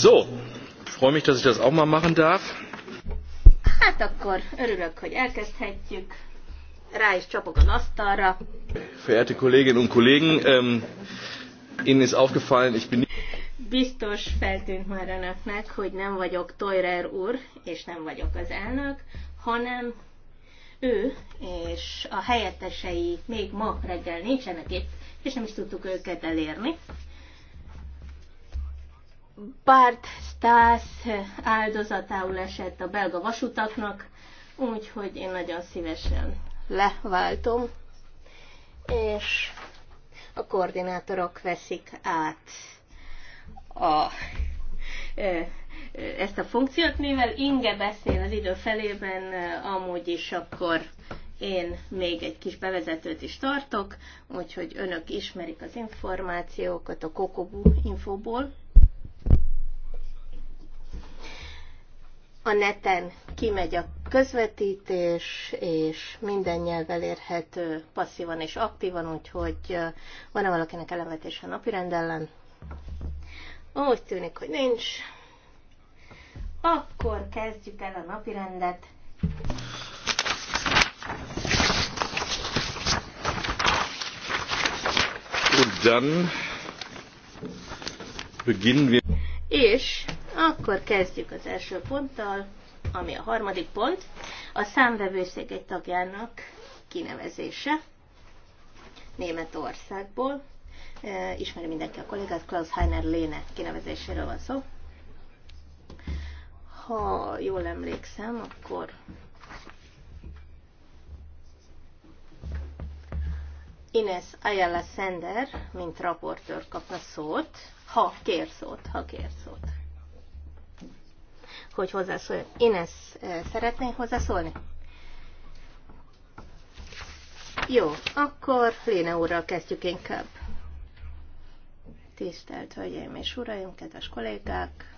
So, freue mich, dass ich das auch mal machen darf. Hát akkor örülök, hogy elkezdhetjük. Rá is csapok a asztalra. Verehrte Kolleginnen und Kollegen, ähm, Ihnen ist aufgefallen, ich bin... Biztos feltűnt már önöknek, hogy nem vagyok Toyrer úr, és nem vagyok az elnök, hanem ő és a helyettesei még ma reggel nincsenek itt, és nem is tudtuk őket elérni. Bart Stász áldozatául esett a belga vasutaknak, úgyhogy én nagyon szívesen leváltom, és a koordinátorok veszik át a, ezt a funkciót, mivel Inge beszél az idő felében, amúgy is akkor én még egy kis bevezetőt is tartok, úgyhogy önök ismerik az információkat a Kokobu infóból. a neten kimegy a közvetítés, és minden nyelv elérhető passzívan és aktívan, úgyhogy van-e valakinek elemetése a napi rendellen? Úgy tűnik, hogy nincs. Akkor kezdjük el a napirendet. Und dann beginnen wir. És akkor kezdjük az első ponttal, ami a harmadik pont, a számvevőszék egy tagjának kinevezése Németországból. E, ismeri mindenki a kollégát, Klaus Heiner Léne kinevezéséről van szó. Ha jól emlékszem, akkor Ines Ayala Sender, mint raportőr kapna szót, ha kér szót, ha kér szót hogy hozzászóljon. Ines, e, szeretnék hozzászólni? Jó, akkor Léne úrral kezdjük inkább. Tisztelt Hölgyeim és Uraim, kedves kollégák!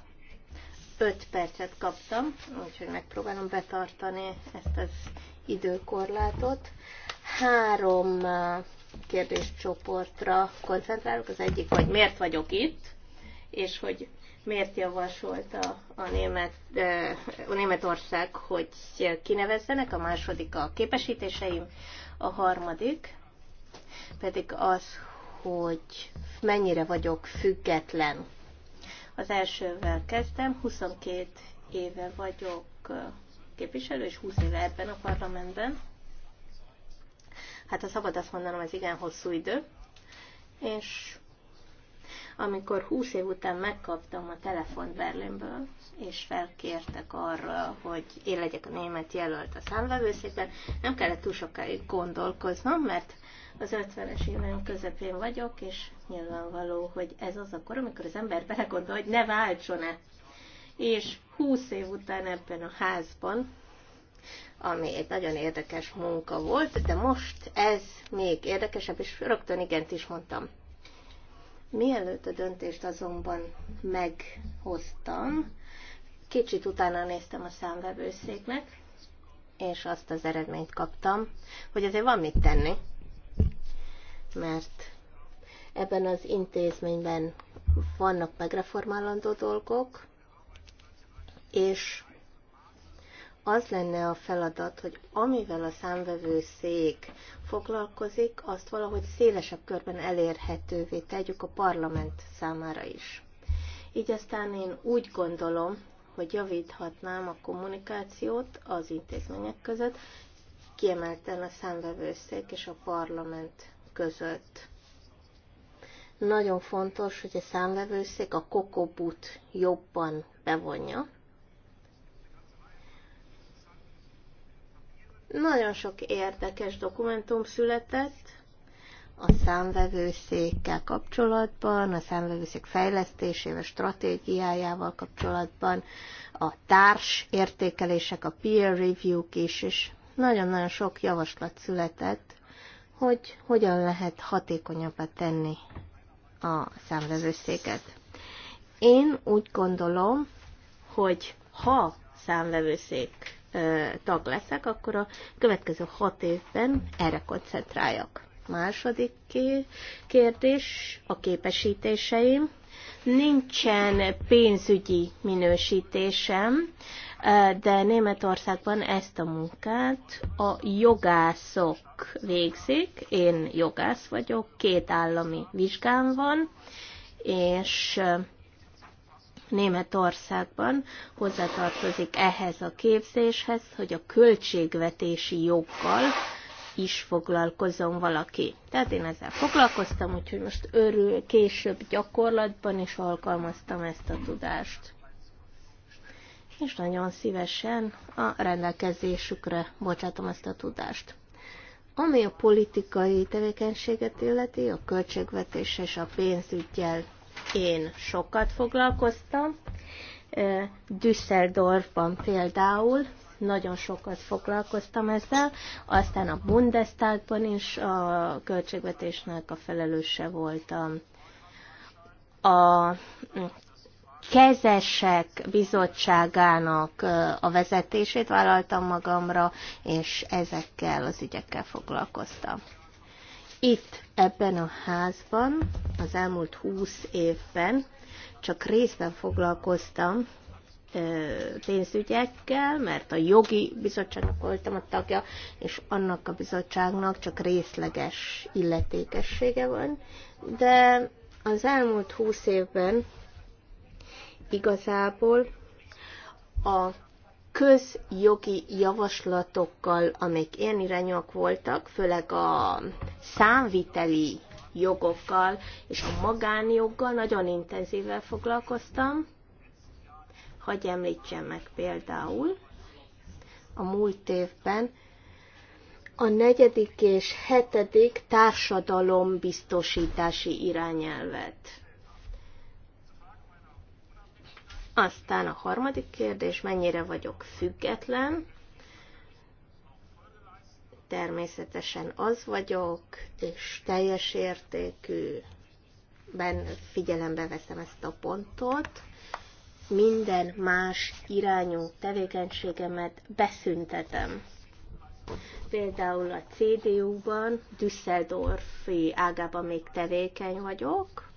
5 percet kaptam, úgyhogy megpróbálom betartani ezt az időkorlátot. Három e, kérdéscsoportra koncentrálok. Az egyik, hogy miért vagyok itt, és hogy miért javasolta a, német, a Németország, hogy kinevezzenek, a második a képesítéseim, a harmadik pedig az, hogy mennyire vagyok független. Az elsővel kezdtem, 22 éve vagyok képviselő, és 20 éve ebben a parlamentben. Hát a szabad azt mondanom, ez igen hosszú idő. És amikor 20 év után megkaptam a telefon Berlinből, és felkértek arra, hogy én legyek a német jelölt a számvevőszékben, nem kellett túl sokáig gondolkoznom, mert az 50-es évem közepén vagyok, és nyilvánvaló, hogy ez az a kor, amikor az ember belegondol, hogy ne váltson-e. És 20 év után ebben a házban, ami egy nagyon érdekes munka volt, de most ez még érdekesebb, és rögtön igent is mondtam. Mielőtt a döntést azonban meghoztam, kicsit utána néztem a számvevőszéknek, és azt az eredményt kaptam, hogy azért van mit tenni, mert ebben az intézményben vannak megreformálandó dolgok, és az lenne a feladat, hogy amivel a szék foglalkozik, azt valahogy szélesebb körben elérhetővé tegyük a parlament számára is. Így aztán én úgy gondolom, hogy javíthatnám a kommunikációt az intézmények között, kiemelten a számvevőszék és a parlament között. Nagyon fontos, hogy a számvevőszék a kokobut jobban bevonja, Nagyon sok érdekes dokumentum született a számvevőszékkel kapcsolatban, a számvevőszék fejlesztésével, stratégiájával kapcsolatban, a társ értékelések, a peer review-k is, és nagyon-nagyon sok javaslat született, hogy hogyan lehet hatékonyabbá tenni a számvevőszéket. Én úgy gondolom, hogy ha számvevőszék tag leszek, akkor a következő hat évben erre koncentráljak. Második kérdés, a képesítéseim. Nincsen pénzügyi minősítésem, de Németországban ezt a munkát a jogászok végzik. Én jogász vagyok, két állami vizsgám van, és Németországban hozzátartozik ehhez a képzéshez, hogy a költségvetési joggal is foglalkozom valaki. Tehát én ezzel foglalkoztam, úgyhogy most örül, később gyakorlatban is alkalmaztam ezt a tudást. És nagyon szívesen a rendelkezésükre bocsátom ezt a tudást. Ami a politikai tevékenységet illeti, a költségvetés és a pénzügyjel én sokat foglalkoztam. Düsseldorfban például nagyon sokat foglalkoztam ezzel, aztán a Bundestagban is a költségvetésnek a felelőse voltam. A kezesek bizottságának a vezetését vállaltam magamra, és ezekkel az ügyekkel foglalkoztam itt ebben a házban az elmúlt húsz évben csak részben foglalkoztam pénzügyekkel, mert a jogi bizottságnak voltam a tagja, és annak a bizottságnak csak részleges illetékessége van. De az elmúlt húsz évben igazából a közjogi javaslatokkal, amik ilyen irányok voltak, főleg a számviteli jogokkal és a magánjoggal nagyon intenzíven foglalkoztam. Hagy említsem meg például a múlt évben a negyedik és hetedik társadalombiztosítási irányelvet. Aztán a harmadik kérdés, mennyire vagyok független? Természetesen az vagyok, és teljes értékű ben figyelembe veszem ezt a pontot, minden más irányú tevékenységemet beszüntetem. Például a CDU-ban, Düsseldorfi ágában még tevékeny vagyok,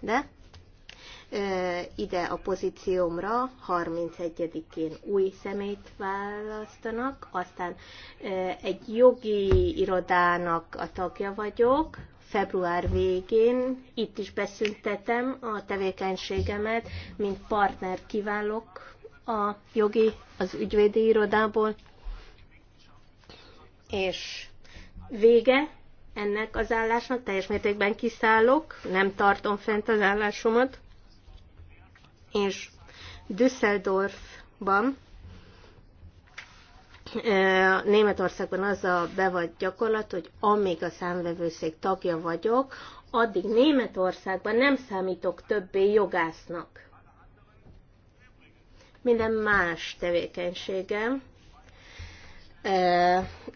de ide a pozíciómra 31-én új szemét választanak, aztán egy jogi irodának a tagja vagyok, február végén itt is beszüntetem a tevékenységemet, mint partner kiválok a jogi, az ügyvédi irodából, és vége ennek az állásnak, teljes mértékben kiszállok, nem tartom fent az állásomat, és Düsseldorfban, Németországban az a bevagy gyakorlat, hogy amíg a számvevőszék tagja vagyok, addig Németországban nem számítok többé jogásznak. Minden más tevékenységem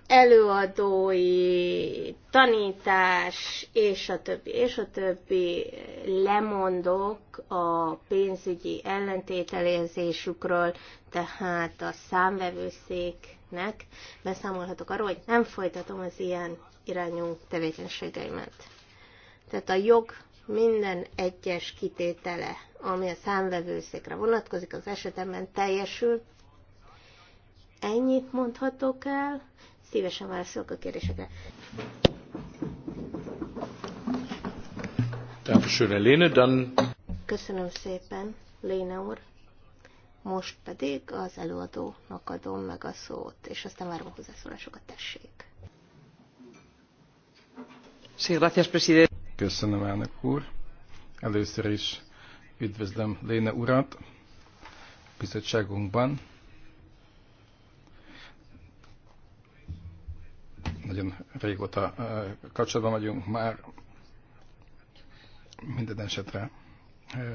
előadói, tanítás, és a többi, és a többi lemondok a pénzügyi ellentételérzésükről, tehát a számvevőszéknek beszámolhatok arról, hogy nem folytatom az ilyen irányú tevékenységeimet. Tehát a jog minden egyes kitétele, ami a számvevőszékre vonatkozik, az esetemben teljesül, Ennyit mondhatok el, szívesen válaszolok a kérdésekre. Köszönöm szépen, Léne úr. Most pedig az előadónak adom meg a szót, és aztán várom a hozzászólásokat, tessék. Köszönöm, elnök úr. Először is üdvözlöm Léne urat bizottságunkban. nagyon régóta kapcsolatban vagyunk már. Minden esetre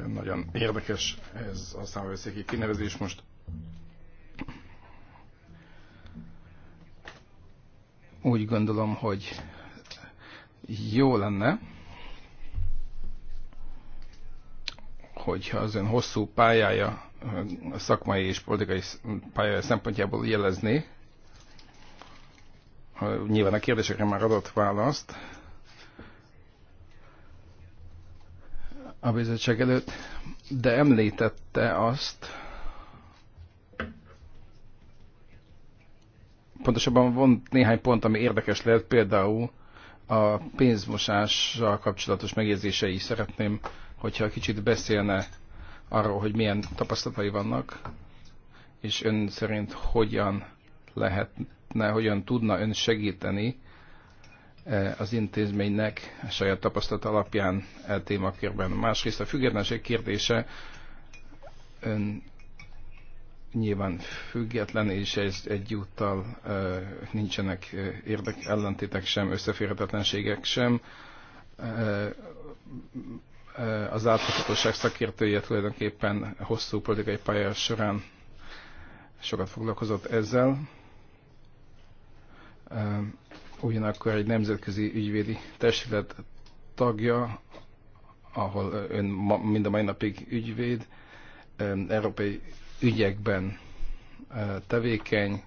nagyon érdekes ez a számvevőszéki kinevezés most. Úgy gondolom, hogy jó lenne, hogyha az ön hosszú pályája, a szakmai és politikai pályája szempontjából jelezné, Nyilván a kérdésekre már adott választ a bizottság előtt, de említette azt, pontosabban van néhány pont, ami érdekes lehet, például a pénzmosással kapcsolatos megjegyzései szeretném, hogyha kicsit beszélne arról, hogy milyen tapasztalatai vannak, és ön szerint hogyan lehetne, hogyan tudna ön segíteni e, az intézménynek a saját tapasztalat alapján e témakörben. Másrészt a függetlenség kérdése ön nyilván független, és ez egyúttal e, nincsenek e, érdek ellentétek sem, összeférhetetlenségek sem. Az átláthatóság szakértője tulajdonképpen hosszú politikai pályás során sokat foglalkozott ezzel ugyanakkor egy nemzetközi ügyvédi testület tagja, ahol ön ma, mind a mai napig ügyvéd, európai ügyekben tevékeny,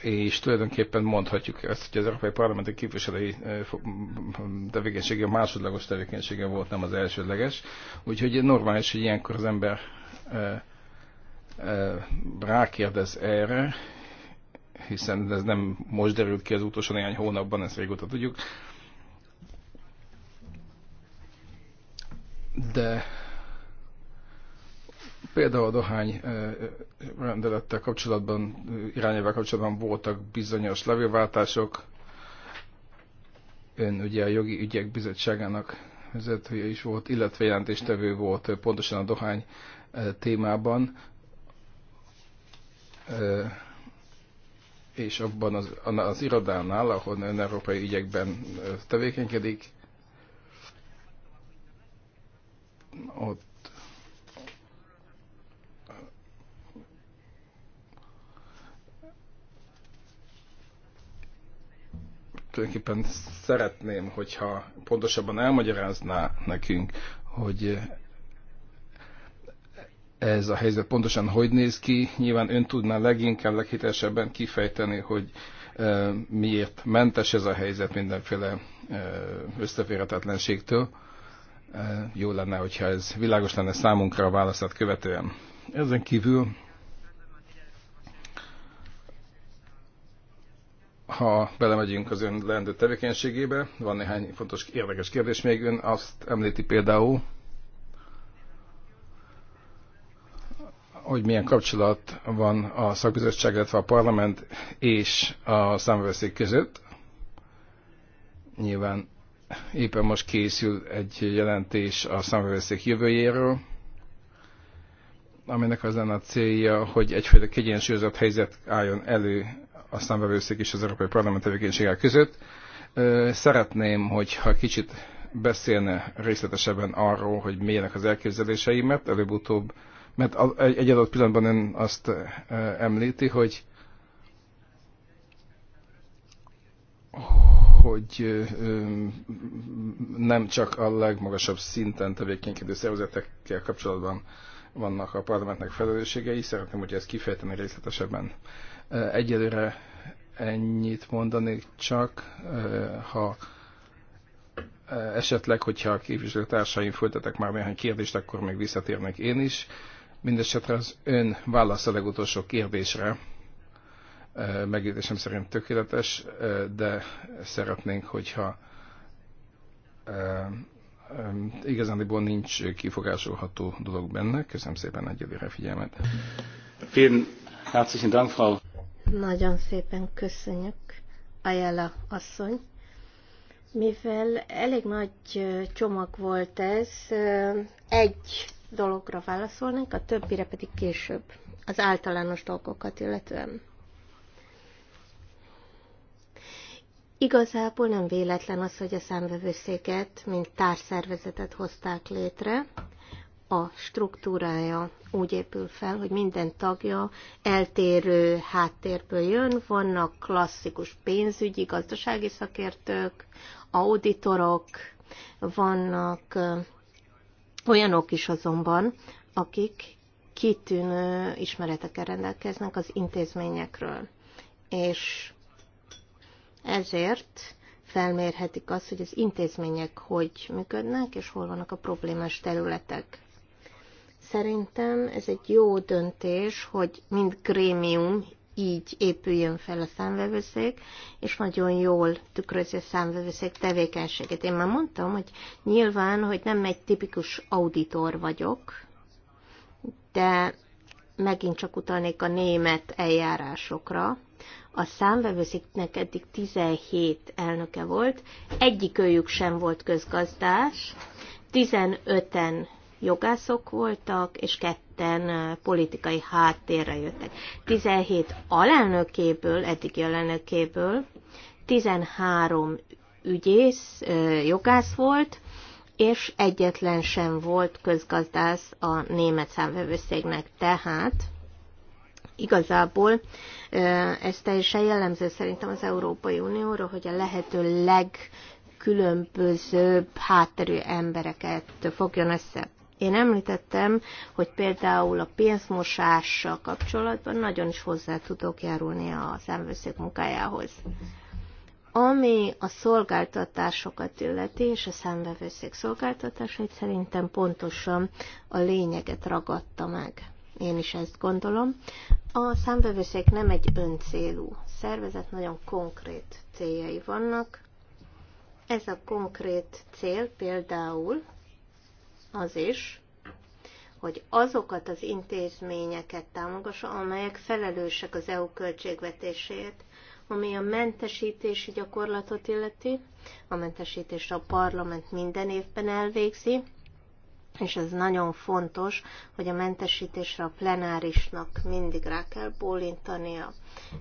és tulajdonképpen mondhatjuk ezt, hogy az Európai Parlamenti képviselői tevékenysége másodlagos tevékenysége volt, nem az elsődleges. Úgyhogy normális, hogy ilyenkor az ember rákérdez erre, hiszen ez nem most derült ki az utolsó néhány hónapban, ezt régóta tudjuk. De például a dohány rendelettel kapcsolatban, irányával kapcsolatban voltak bizonyos levélváltások. Ön ugye a jogi ügyek bizottságának vezetője is volt, illetve jelentéstevő volt pontosan a dohány témában és abban az, az irodánál, ahol ön európai ügyekben tevékenykedik, ott tulajdonképpen szeretném, hogyha pontosabban elmagyarázná nekünk, hogy ez a helyzet pontosan hogy néz ki. Nyilván ön tudná leginkább, leghitelesebben kifejteni, hogy miért mentes ez a helyzet mindenféle összeférhetetlenségtől. Jó lenne, hogyha ez világos lenne számunkra a választát követően. Ezen kívül, ha belemegyünk az ön leendő tevékenységébe, van néhány fontos érdekes kérdés még. Ön azt említi például, hogy milyen kapcsolat van a szakbizottság, illetve a parlament és a számvevőszék között. Nyilván éppen most készül egy jelentés a számvevőszék jövőjéről, aminek az lenne a célja, hogy egyfajta kiegyensúlyozott helyzet álljon elő a számvevőszék és az Európai Parlament tevékenysége között. Szeretném, hogyha kicsit beszélne részletesebben arról, hogy milyenek az elképzeléseim, mert előbb-utóbb mert egy adott pillanatban ön azt említi, hogy hogy nem csak a legmagasabb szinten tevékenykedő szervezetekkel kapcsolatban vannak a parlamentnek felelősségei, szeretném, hogy ezt kifejteni részletesebben. Egyelőre ennyit mondanék csak, ha esetleg, hogyha a képviselőtársaim folytatok már néhány kérdést, akkor még visszatérnek én is. Mindesetre az ön válasz a legutolsó kérdésre megértésem szerint tökéletes, de szeretnénk, hogyha igazándiból nincs kifogásolható dolog benne. Köszönöm szépen egyelőre figyelmet. Vielen herzlichen Dank, Frau. Nagyon szépen köszönjük, Ayala asszony. Mivel elég nagy csomag volt ez, egy dologra válaszolnánk, a többire pedig később, az általános dolgokat illetően. Igazából nem véletlen az, hogy a számvevőszéket, mint társszervezetet hozták létre. A struktúrája úgy épül fel, hogy minden tagja eltérő háttérből jön, vannak klasszikus pénzügyi, gazdasági szakértők, auditorok, vannak Olyanok is azonban, akik kitűnő ismeretekkel rendelkeznek az intézményekről, és ezért felmérhetik azt, hogy az intézmények hogy működnek, és hol vannak a problémás területek. Szerintem ez egy jó döntés, hogy mind grémium így épüljön fel a számvevőszék, és nagyon jól tükrözi a számvevőszék tevékenységét. Én már mondtam, hogy nyilván, hogy nem egy tipikus auditor vagyok, de megint csak utalnék a német eljárásokra. A számvevőszéknek eddig 17 elnöke volt, egyik őjük sem volt közgazdás, 15-en jogászok voltak, és kettő ketten politikai háttérre jöttek. 17 alelnökéből, eddigi alelnökéből 13 ügyész, jogász volt, és egyetlen sem volt közgazdász a német számvevőszégnek. Tehát igazából ez teljesen jellemző szerintem az Európai Unióra, hogy a lehető legkülönbözőbb hátterű embereket fogjon össze. Én említettem, hogy például a pénzmosással kapcsolatban nagyon is hozzá tudok járulni a számvőszék munkájához. Ami a szolgáltatásokat illeti, és a számvevőszék szolgáltatásait szerintem pontosan a lényeget ragadta meg. Én is ezt gondolom. A számvevőszék nem egy öncélú szervezet, nagyon konkrét céljai vannak. Ez a konkrét cél például az is, hogy azokat az intézményeket támogassa, amelyek felelősek az EU költségvetéséért, ami a mentesítési gyakorlatot illeti. A mentesítést a parlament minden évben elvégzi, és ez nagyon fontos, hogy a mentesítésre a plenárisnak mindig rá kell bólintania.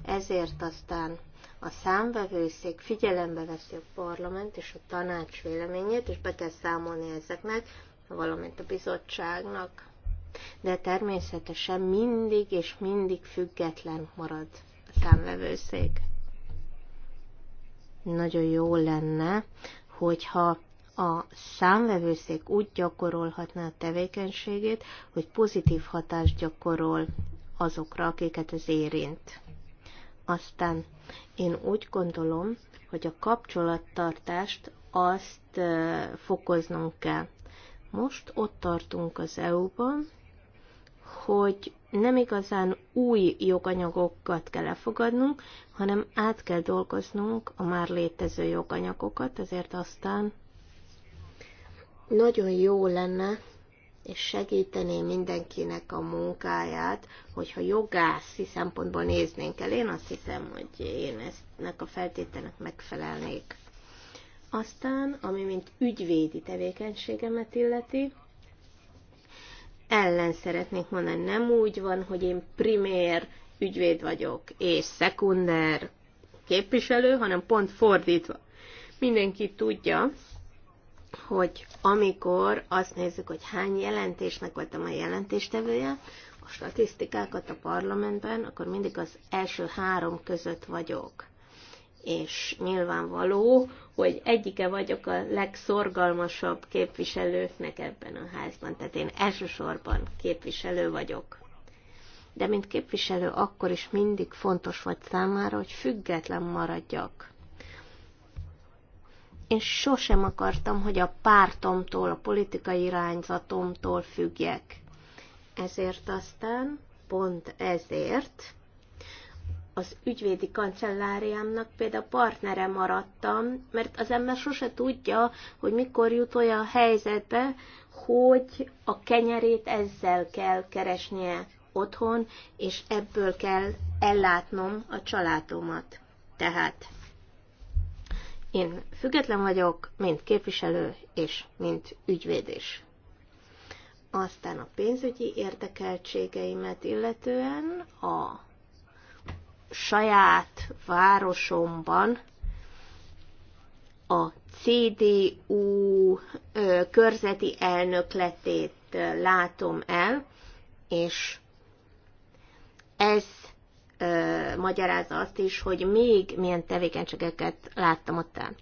Ezért aztán a számvevőszék figyelembe veszi a parlament és a tanács véleményét, és be kell számolni ezeknek, valamint a bizottságnak, de természetesen mindig és mindig független marad a számvevőszék. Nagyon jó lenne, hogyha a számvevőszék úgy gyakorolhatná a tevékenységét, hogy pozitív hatást gyakorol azokra, akiket ez érint. Aztán én úgy gondolom, hogy a kapcsolattartást azt fokoznunk kell. Most ott tartunk az EU-ban, hogy nem igazán új joganyagokat kell elfogadnunk, hanem át kell dolgoznunk a már létező joganyagokat, ezért aztán nagyon jó lenne, és segítené mindenkinek a munkáját, hogyha jogászi szempontból néznénk el. Én azt hiszem, hogy én eztnek a feltételnek megfelelnék. Aztán, ami mint ügyvédi tevékenységemet illeti, ellen szeretnék mondani, nem úgy van, hogy én primér ügyvéd vagyok, és szekunder képviselő, hanem pont fordítva. Mindenki tudja, hogy amikor azt nézzük, hogy hány jelentésnek voltam a jelentéstevője, a statisztikákat a parlamentben, akkor mindig az első három között vagyok és nyilvánvaló, hogy egyike vagyok a legszorgalmasabb képviselőknek ebben a házban, tehát én elsősorban képviselő vagyok. De mint képviselő akkor is mindig fontos vagy számára, hogy független maradjak. Én sosem akartam, hogy a pártomtól, a politikai irányzatomtól függjek. Ezért aztán, pont ezért, az ügyvédi kancelláriámnak például partnere maradtam, mert az ember sose tudja, hogy mikor jut olyan helyzetbe, hogy a kenyerét ezzel kell keresnie otthon, és ebből kell ellátnom a családomat. Tehát én független vagyok, mint képviselő és mint ügyvéd is. Aztán a pénzügyi érdekeltségeimet illetően a saját városomban a CDU körzeti elnökletét látom el, és ez ö, magyarázza azt is, hogy még milyen tevékenységeket láttam ott el.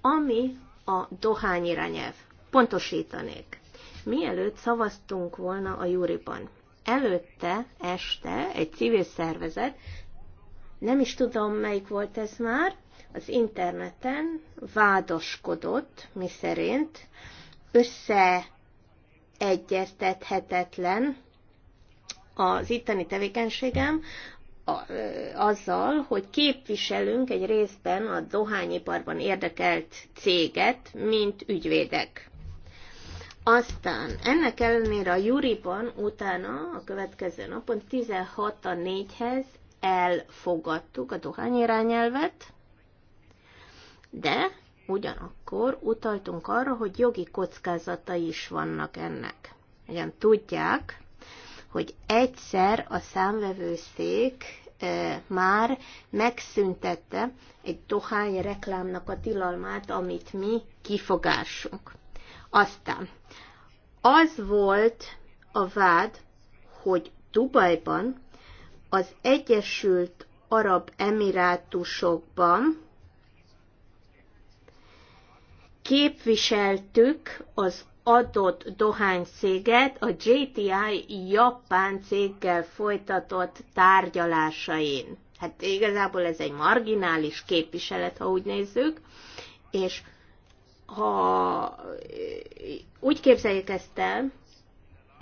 Ami a dohány irányelv. Pontosítanék. Mielőtt szavaztunk volna a júriban, előtte este egy civil szervezet nem is tudom melyik volt ez már, az interneten mi miszerint összeegyeztethetetlen az itteni tevékenységem azzal, hogy képviselünk egy részben a dohányiparban érdekelt céget, mint ügyvédek. Aztán ennek ellenére a Juriban utána a következő napon 16 a 4-hez elfogadtuk a irányelvet, de ugyanakkor utaltunk arra, hogy jogi kockázatai is vannak ennek. Ugyan tudják, hogy egyszer a számvevőszék már megszüntette egy dohány reklámnak a tilalmát, amit mi kifogásunk. Aztán az volt a vád, hogy Dubajban az Egyesült Arab Emirátusokban képviseltük az adott dohánycéget a JTI japán céggel folytatott tárgyalásain. Hát igazából ez egy marginális képviselet, ha úgy nézzük, és ha úgy képzeljük ezt el,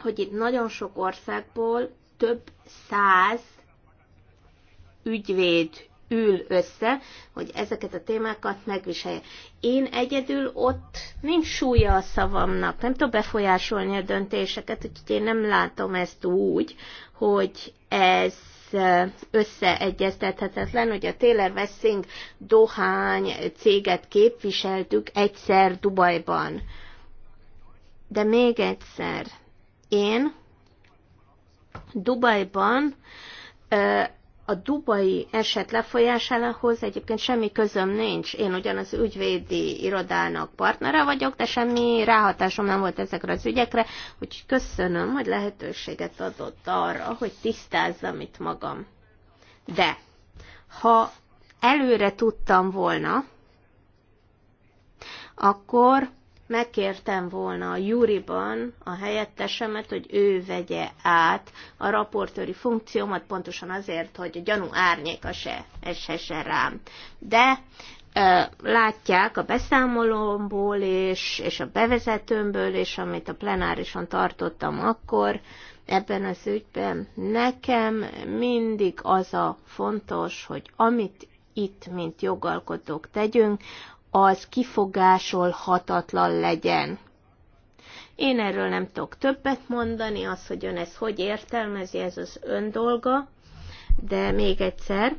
hogy itt nagyon sok országból több száz ügyvéd ül össze, hogy ezeket a témákat megviselje. Én egyedül ott nincs súlya a szavamnak, nem tudom befolyásolni a döntéseket, úgyhogy én nem látom ezt úgy, hogy ez összeegyeztethetetlen, hogy a Taylor Wessing dohány céget képviseltük egyszer Dubajban. De még egyszer, én Dubajban a dubai eset lefolyásához egyébként semmi közöm nincs. Én ugyan az ügyvédi irodának partnere vagyok, de semmi ráhatásom nem volt ezekre az ügyekre, úgyhogy köszönöm, hogy lehetőséget adott arra, hogy tisztázzam itt magam. De ha előre tudtam volna, akkor megkértem volna a Júriban a helyettesemet, hogy ő vegye át a raportőri funkciómat, pontosan azért, hogy a gyanú árnyéka se eshessen rám. De látják a beszámolomból és, és a bevezetőmből, és amit a plenárison tartottam akkor, ebben az ügyben nekem mindig az a fontos, hogy amit itt, mint jogalkotók tegyünk, az kifogásolhatatlan legyen. Én erről nem tudok többet mondani, az, hogy ön ezt hogy értelmezi, ez az ön dolga, de még egyszer,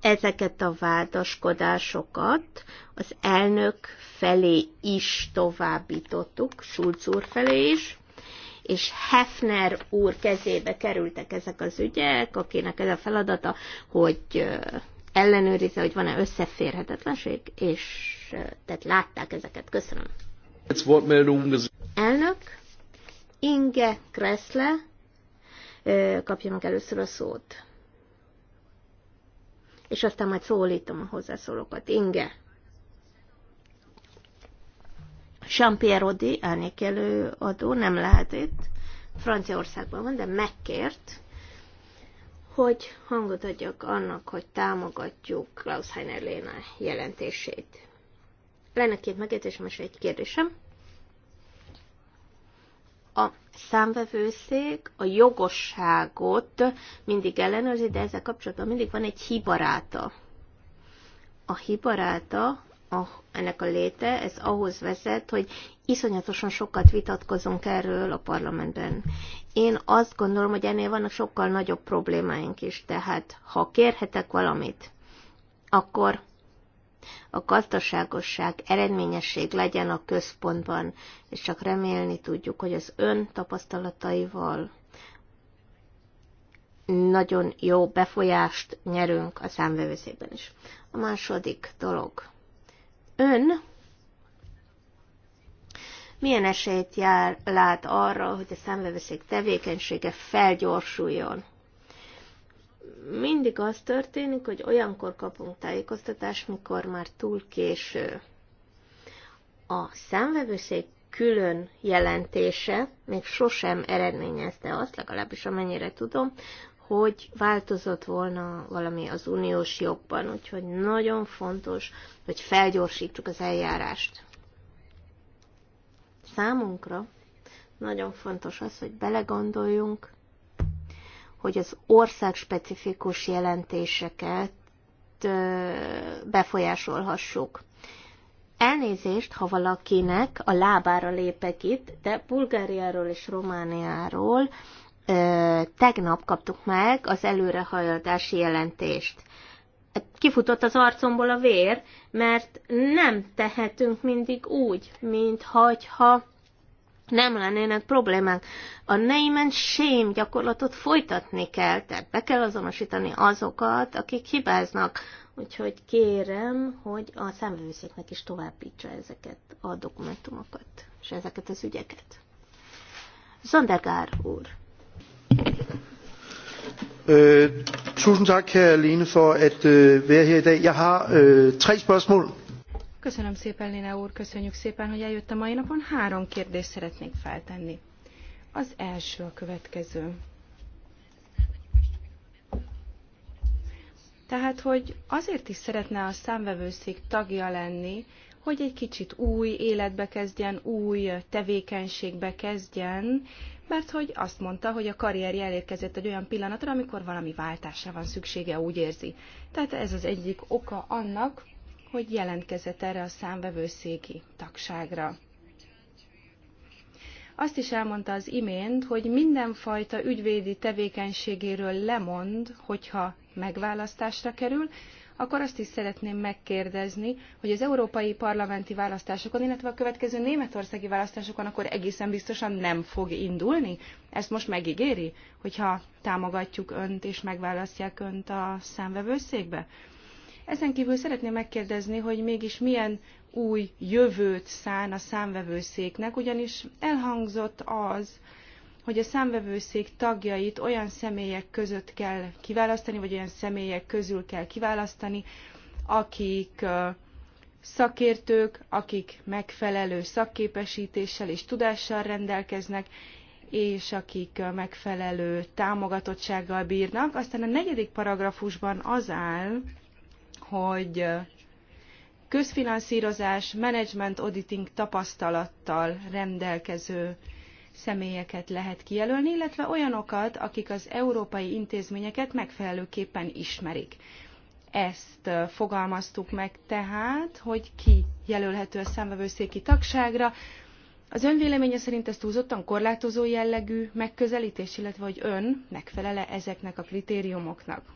ezeket a vádaskodásokat az elnök felé is továbbítottuk, Schulz úr felé is, és Hefner úr kezébe kerültek ezek az ügyek, akinek ez a feladata, hogy ellenőrizze, hogy van-e összeférhetetlenség, és tehát látták ezeket. Köszönöm. Elnök, Inge Kressle kapja meg először a szót. És aztán majd szólítom a hozzászólókat. Inge. Jean-Pierre Rodi, elnékelő adó, nem lehet itt. Franciaországban van, de megkért, hogy hangot adjak annak, hogy támogatjuk Klaus Heiner Léna jelentését. Lenne két megjegyzésem és egy kérdésem. A számvevőszék a jogosságot mindig ellenőrzi, de ezzel kapcsolatban mindig van egy hibaráta. A hibaráta a, ennek a léte, ez ahhoz vezet, hogy iszonyatosan sokat vitatkozunk erről a parlamentben. Én azt gondolom, hogy ennél vannak sokkal nagyobb problémáink is, tehát ha kérhetek valamit, akkor a gazdaságosság, eredményesség legyen a központban, és csak remélni tudjuk, hogy az ön tapasztalataival nagyon jó befolyást nyerünk a számvevőzében is. A második dolog – Ön milyen esélyt jár, lát arra, hogy a számvevőszék tevékenysége felgyorsuljon? Mindig az történik, hogy olyankor kapunk tájékoztatást, mikor már túl késő. A számvevőszék külön jelentése még sosem eredményezte azt, legalábbis amennyire tudom, hogy változott volna valami az uniós jogban, úgyhogy nagyon fontos, hogy felgyorsítsuk az eljárást. Számunkra nagyon fontos az, hogy belegondoljunk, hogy az ország specifikus jelentéseket befolyásolhassuk. Elnézést, ha valakinek a lábára lépek itt, de Bulgáriáról és Romániáról tegnap kaptuk meg az előrehajladási jelentést. Kifutott az arcomból a vér, mert nem tehetünk mindig úgy, mint ha nem lennének problémák. A name shame gyakorlatot folytatni kell, tehát be kell azonosítani azokat, akik hibáznak. Úgyhogy kérem, hogy a számvevőszéknek is továbbítsa ezeket a dokumentumokat, és ezeket az ügyeket. Zondergár úr. Øh, tusind tak, kære Lene, for at øh, være her i dag. Jeg har øh, tre spørgsmål. Köszönöm szépen, Léna úr, köszönjük szépen, hogy eljött a mai napon. Három kérdést szeretnék feltenni. Az első a következő. Tehát, hogy azért is szeretne a számvevőszék tagja lenni, hogy egy kicsit új életbe kezdjen, új tevékenységbe kezdjen, mert hogy azt mondta, hogy a karrierje elérkezett egy olyan pillanatra, amikor valami váltásra van szüksége, úgy érzi. Tehát ez az egyik oka annak, hogy jelentkezett erre a számvevőszéki tagságra. Azt is elmondta az imént, hogy mindenfajta ügyvédi tevékenységéről lemond, hogyha megválasztásra kerül, akkor azt is szeretném megkérdezni, hogy az európai parlamenti választásokon, illetve a következő németországi választásokon akkor egészen biztosan nem fog indulni? Ezt most megígéri, hogyha támogatjuk önt és megválasztják önt a számvevőszékbe? Ezen kívül szeretném megkérdezni, hogy mégis milyen új jövőt szán a számvevőszéknek, ugyanis elhangzott az, hogy a számvevőszék tagjait olyan személyek között kell kiválasztani, vagy olyan személyek közül kell kiválasztani, akik szakértők, akik megfelelő szakképesítéssel és tudással rendelkeznek, és akik megfelelő támogatottsággal bírnak. Aztán a negyedik paragrafusban az áll, hogy közfinanszírozás, management auditing tapasztalattal rendelkező személyeket lehet kijelölni, illetve olyanokat, akik az európai intézményeket megfelelőképpen ismerik. Ezt fogalmaztuk meg tehát, hogy ki jelölhető a számvevőszéki tagságra. Az ön véleménye szerint ez túlzottan korlátozó jellegű megközelítés, illetve hogy ön megfelele ezeknek a kritériumoknak?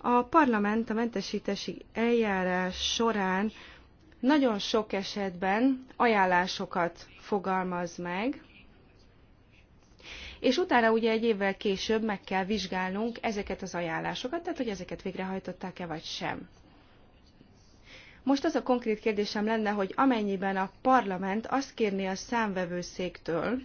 A parlament a mentesítési eljárás során nagyon sok esetben ajánlásokat fogalmaz meg, és utána ugye egy évvel később meg kell vizsgálnunk ezeket az ajánlásokat, tehát hogy ezeket végrehajtották-e vagy sem. Most az a konkrét kérdésem lenne, hogy amennyiben a parlament azt kérné a számvevőszéktől,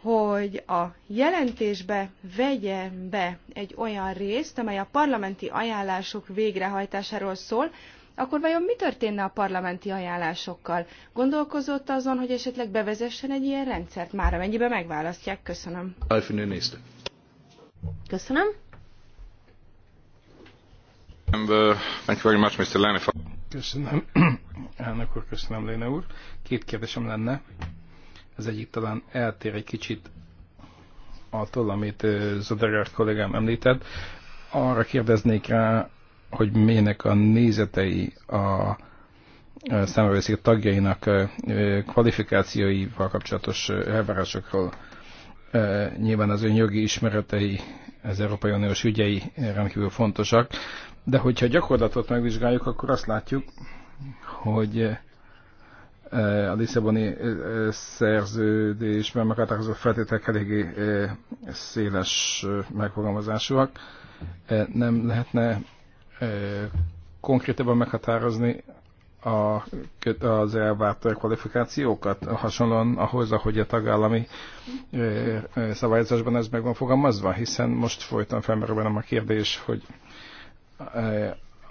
hogy a jelentésbe vegye be egy olyan részt, amely a parlamenti ajánlások végrehajtásáról szól, akkor vajon mi történne a parlamenti ajánlásokkal? Gondolkozott azon, hogy esetleg bevezessen egy ilyen rendszert? Már amennyiben megválasztják? Köszönöm. Köszönöm. And, uh, thank you very much, Mr. Lenny. Köszönöm. Elnök úr, köszönöm, Léne úr. Két kérdésem lenne. Az egyik talán eltér egy kicsit attól, amit uh, Zoderert kollégám említett. Arra kérdeznék rá, hogy milyenek a nézetei a számövőszék tagjainak kvalifikációival kapcsolatos elvárásokról. Nyilván az ön jogi ismeretei az Európai Uniós ügyei rendkívül fontosak, de hogyha gyakorlatot megvizsgáljuk, akkor azt látjuk, hogy a Lisszaboni szerződésben meghatározott feltételek eléggé széles megfogalmazásúak. Nem lehetne konkrétabban meghatározni a, az elvárt kvalifikációkat, hasonlóan ahhoz, ahogy a tagállami szabályozásban ez meg van fogalmazva, hiszen most folyton felmerül bennem a kérdés, hogy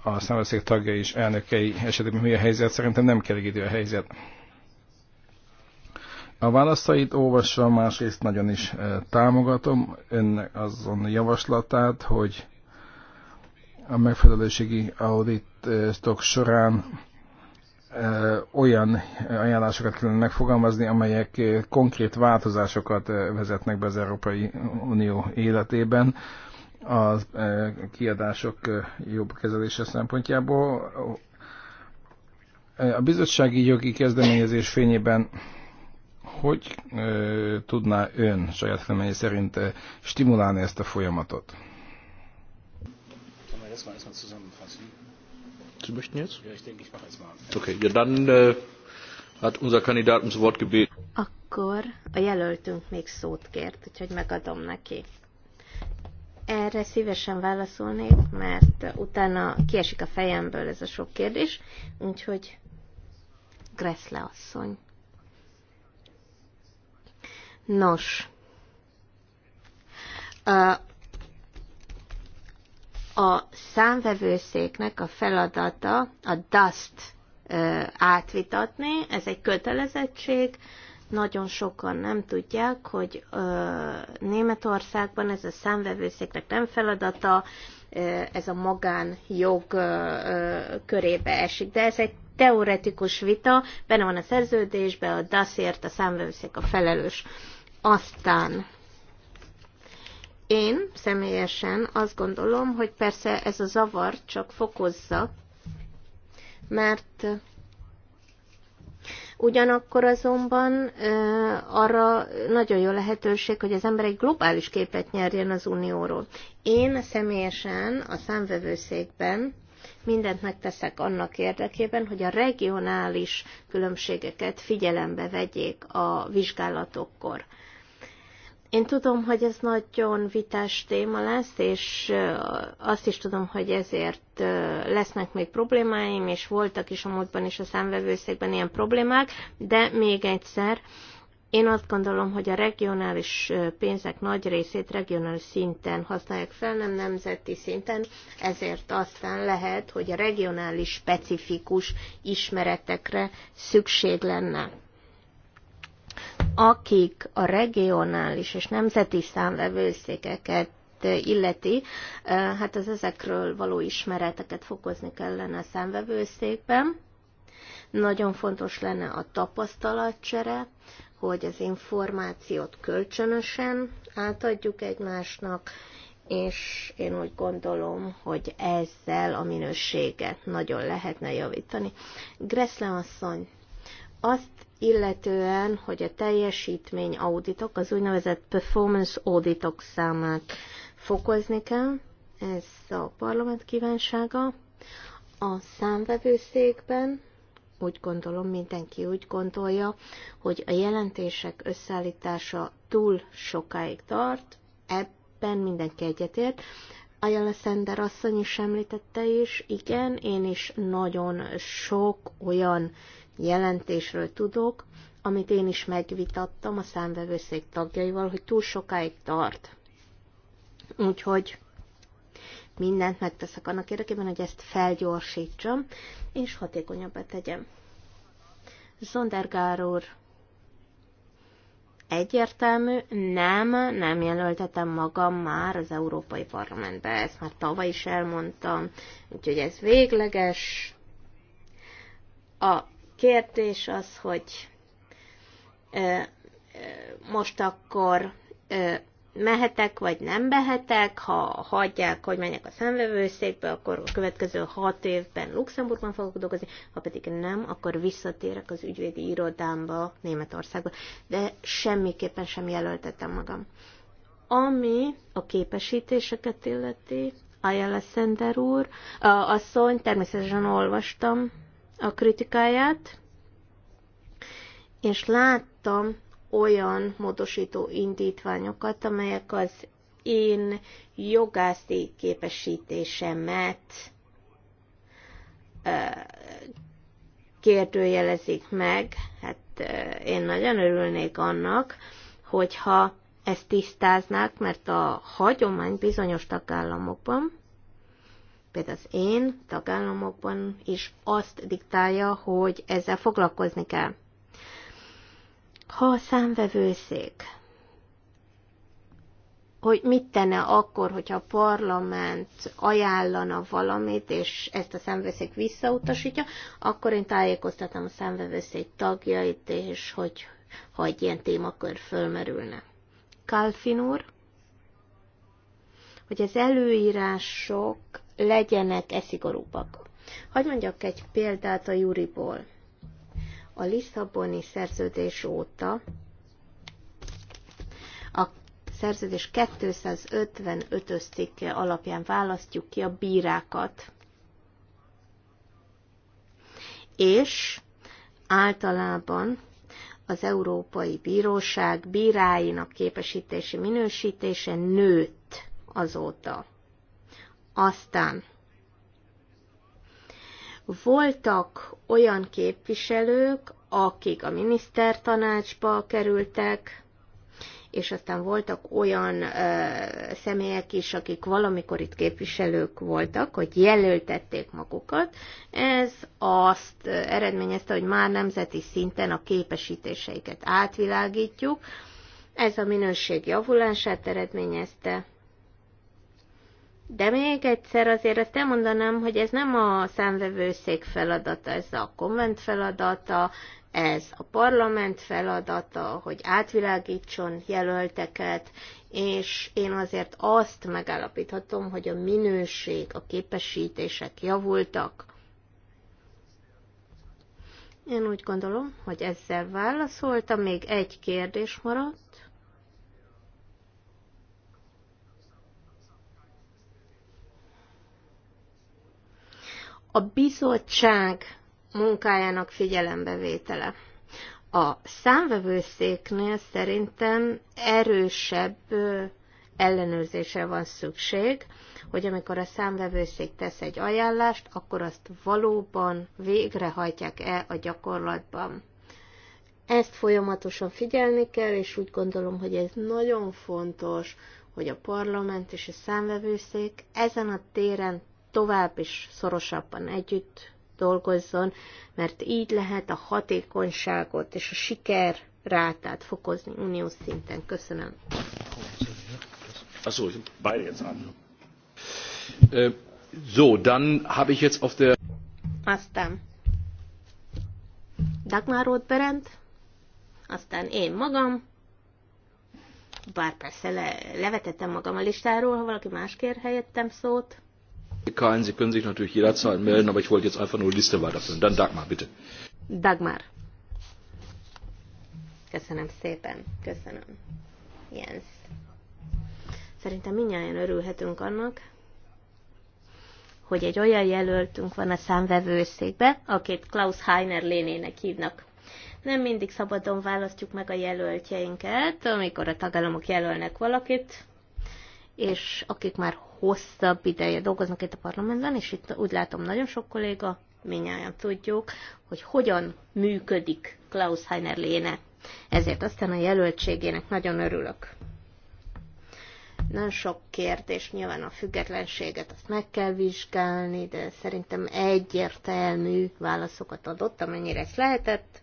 a számveszék tagjai és elnökei esetében mi a helyzet, szerintem nem kell idő a helyzet. A válaszait olvasva másrészt nagyon is támogatom önnek azon javaslatát, hogy a megfelelőségi auditok eh, során eh, olyan eh, ajánlásokat kellene megfogalmazni, amelyek konkrét változásokat vezetnek be az Európai Unió életében a kiadások jobb kezelése szempontjából. A bizottsági jogi kezdeményezés fényében hogy tudná ön saját személy szerint stimulálni ezt a folyamatot? das mal erstmal zusammenfassen. Sie möchten jetzt? Ja, ich denke, ich mache erstmal. Okay, ja, dann äh, hat unser Kandidat ums Wort gebeten. Akkor a jelöltünk még szót kért, úgyhogy megadom neki. Erre szívesen válaszolnék, mert utána kiesik a fejemből ez a sok kérdés, úgyhogy Gressle asszony. Nos, a számvevőszéknek a feladata a dust átvitatni, ez egy kötelezettség, nagyon sokan nem tudják, hogy ö, Németországban ez a számvevőszéknek nem feladata, ö, ez a magánjog ö, ö, körébe esik. De ez egy teoretikus vita, benne van a szerződésben, a DASZ-ért a számvevőszék a felelős. Aztán én személyesen azt gondolom, hogy persze ez a zavar csak fokozza, mert ugyanakkor azonban arra nagyon jó lehetőség, hogy az ember egy globális képet nyerjen az Unióról. Én személyesen a számvevőszékben mindent megteszek annak érdekében, hogy a regionális különbségeket figyelembe vegyék a vizsgálatokkor. Én tudom, hogy ez nagyon vitás téma lesz, és azt is tudom, hogy ezért lesznek még problémáim, és voltak is a múltban is a számvevőszékben ilyen problémák, de még egyszer, én azt gondolom, hogy a regionális pénzek nagy részét regionális szinten használják fel, nem nemzeti szinten, ezért aztán lehet, hogy a regionális specifikus ismeretekre szükség lenne akik a regionális és nemzeti számvevőszékeket illeti, hát az ezekről való ismereteket fokozni kellene a számvevőszékben. Nagyon fontos lenne a tapasztalatcsere, hogy az információt kölcsönösen átadjuk egymásnak, és én úgy gondolom, hogy ezzel a minőséget nagyon lehetne javítani. Greszle asszony, azt illetően, hogy a teljesítmény auditok, az úgynevezett performance auditok számát fokozni kell, ez a parlament kívánsága. A számvevőszékben úgy gondolom, mindenki úgy gondolja, hogy a jelentések összeállítása túl sokáig tart, ebben mindenki egyetért. a Szender asszony is említette is, igen, én is nagyon sok olyan jelentésről tudok, amit én is megvitattam a számvevőszék tagjaival, hogy túl sokáig tart. Úgyhogy mindent megteszek annak érdekében, hogy ezt felgyorsítsam, és hatékonyabbat tegyem. Zondergár úr, egyértelmű, nem, nem jelöltetem magam már az Európai Parlamentbe, ezt már tavaly is elmondtam, úgyhogy ez végleges. A kérdés az, hogy most akkor mehetek, vagy nem mehetek, ha hagyják, hogy menjek a szemvevőszékbe, akkor a következő hat évben Luxemburgban fogok dolgozni, ha pedig nem, akkor visszatérek az ügyvédi irodámba Németországba. De semmiképpen sem jelöltetem magam. Ami a képesítéseket illeti, Ayala Sender úr, a asszony, természetesen olvastam a kritikáját, és láttam olyan módosító indítványokat, amelyek az én jogászti képesítésemet kérdőjelezik meg. Hát én nagyon örülnék annak, hogyha ezt tisztáznák, mert a hagyomány bizonyos tagállamokban, például az én tagállamokban is azt diktálja, hogy ezzel foglalkozni kell. Ha a számvevőszék, hogy mit tenne akkor, hogyha a parlament ajánlana valamit, és ezt a számvevőszék visszautasítja, akkor én tájékoztatom a számvevőszék tagjait, és hogy ha egy ilyen témakör fölmerülne. Kalfin úr, hogy az előírások legyenek eszigorúbbak. Hogy mondjak egy példát a Juriból a Lisszaboni szerződés óta a szerződés 255-ös cikke alapján választjuk ki a bírákat. És általában az Európai Bíróság bíráinak képesítési minősítése nőtt azóta. Aztán voltak olyan képviselők, akik a minisztertanácsba kerültek, és aztán voltak olyan ö, személyek is, akik valamikor itt képviselők voltak, hogy jelöltették magukat. Ez azt eredményezte, hogy már nemzeti szinten a képesítéseiket átvilágítjuk. Ez a minőség javulását eredményezte, de még egyszer azért azt elmondanám, hogy ez nem a számvevőszék feladata, ez a konvent feladata, ez a parlament feladata, hogy átvilágítson jelölteket, és én azért azt megállapíthatom, hogy a minőség, a képesítések javultak. Én úgy gondolom, hogy ezzel válaszoltam, még egy kérdés maradt. a bizottság munkájának figyelembevétele. A számvevőszéknél szerintem erősebb ellenőrzésre van szükség, hogy amikor a számvevőszék tesz egy ajánlást, akkor azt valóban végrehajtják-e a gyakorlatban. Ezt folyamatosan figyelni kell, és úgy gondolom, hogy ez nagyon fontos, hogy a parlament és a számvevőszék ezen a téren tovább is szorosabban együtt dolgozzon, mert így lehet a hatékonyságot és a siker rátát fokozni uniós szinten. Köszönöm. Achso, beide jetzt an. Äh, so, dann habe ich jetzt auf der... Aztán Dagmar Roth Berend, aztán én magam, bár persze le, levetettem magam a listáról, ha valaki más kér helyettem szót. Sie können sich natürlich jederzeit melden, aber ich wollte jetzt einfach nur die Liste weiterführen. Dann Dagmar, bitte. Dagmar. Köszönöm szépen. Köszönöm. Jens. Szerintem mindjárt örülhetünk annak, hogy egy olyan jelöltünk van a számvevőszékbe, akit Klaus Heiner lénének hívnak. Nem mindig szabadon választjuk meg a jelöltjeinket, amikor a tagállamok jelölnek valakit, és akik már hosszabb ideje dolgoznak itt a parlamentben, és itt úgy látom nagyon sok kolléga, minnyáján tudjuk, hogy hogyan működik Klaus Heiner léne. Ezért aztán a jelöltségének nagyon örülök. Nagyon sok kérdés, nyilván a függetlenséget azt meg kell vizsgálni, de szerintem egyértelmű válaszokat adott, amennyire ez lehetett.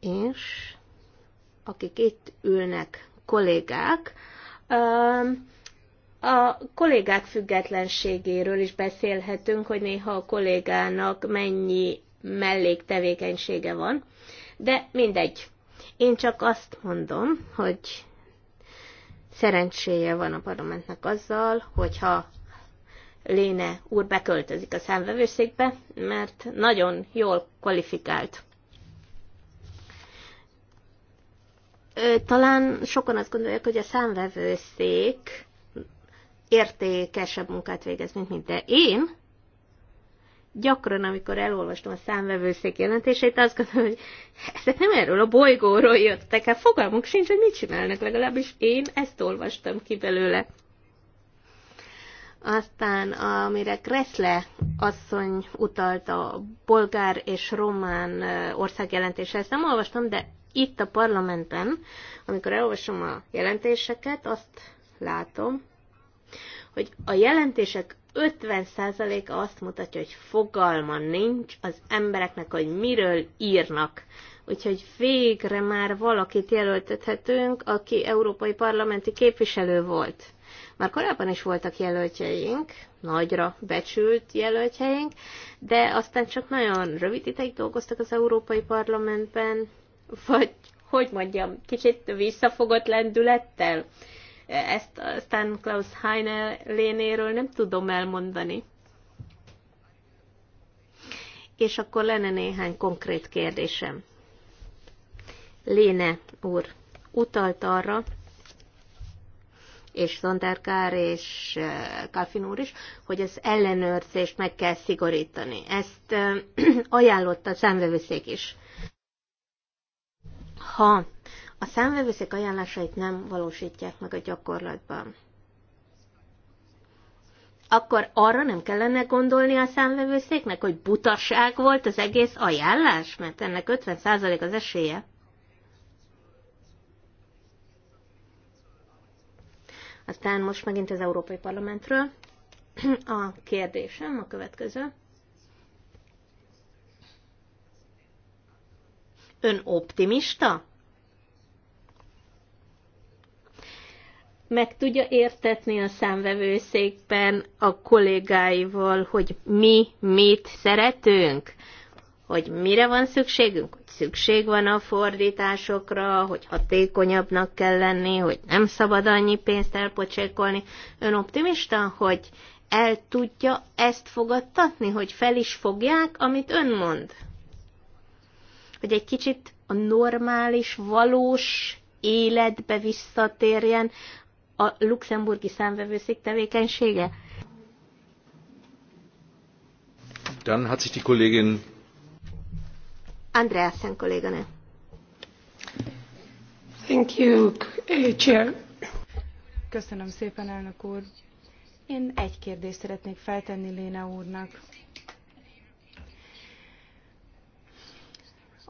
És akik itt ülnek, kollégák, a kollégák függetlenségéről is beszélhetünk, hogy néha a kollégának mennyi melléktevékenysége van, de mindegy. Én csak azt mondom, hogy szerencséje van a parlamentnek azzal, hogyha Léne úr beköltözik a számvevőszékbe, mert nagyon jól kvalifikált. talán sokan azt gondolják, hogy a számvevőszék értékesebb munkát végez, mint mint te. én gyakran, amikor elolvastam a számvevőszék jelentéseit, azt gondolom, hogy ezek nem erről a bolygóról jöttek el, hát fogalmuk sincs, hogy mit csinálnak, legalábbis én ezt olvastam ki belőle. Aztán, amire Kreszle asszony utalt a bolgár és román jelentése, ezt nem olvastam, de itt a parlamentben, amikor elolvasom a jelentéseket, azt látom, hogy a jelentések 50%-a azt mutatja, hogy fogalma nincs az embereknek, hogy miről írnak. Úgyhogy végre már valakit jelöltethetünk, aki európai parlamenti képviselő volt. Már korábban is voltak jelöltjeink, nagyra becsült jelöltjeink, de aztán csak nagyon rövid ideig dolgoztak az Európai Parlamentben, vagy hogy mondjam, kicsit visszafogott lendülettel. Ezt aztán Klaus Heine lénéről nem tudom elmondani. És akkor lenne néhány konkrét kérdésem. Léne úr utalt arra, és Zonderkár és eh, Kalfin úr is, hogy az ellenőrzést meg kell szigorítani. Ezt eh, ajánlott a szemvevőszék is ha a számvevőszék ajánlásait nem valósítják meg a gyakorlatban, akkor arra nem kellene gondolni a számvevőszéknek, hogy butaság volt az egész ajánlás, mert ennek 50% az esélye. Aztán most megint az Európai Parlamentről. A kérdésem a következő. Ön optimista? Meg tudja értetni a számvevőszékben a kollégáival, hogy mi mit szeretünk? Hogy mire van szükségünk? Hogy szükség van a fordításokra, hogy hatékonyabbnak kell lenni, hogy nem szabad annyi pénzt elpocsékolni. Ön optimista, hogy el tudja ezt fogadtatni, hogy fel is fogják, amit ön mond? hogy egy kicsit a normális, valós életbe visszatérjen a luxemburgi számvevőszék tevékenysége? Dann hat sich die Kollegin Andreasen kolléganő. Thank you, eh, Chair. Köszönöm szépen, elnök úr. Én egy kérdést szeretnék feltenni Léna úrnak.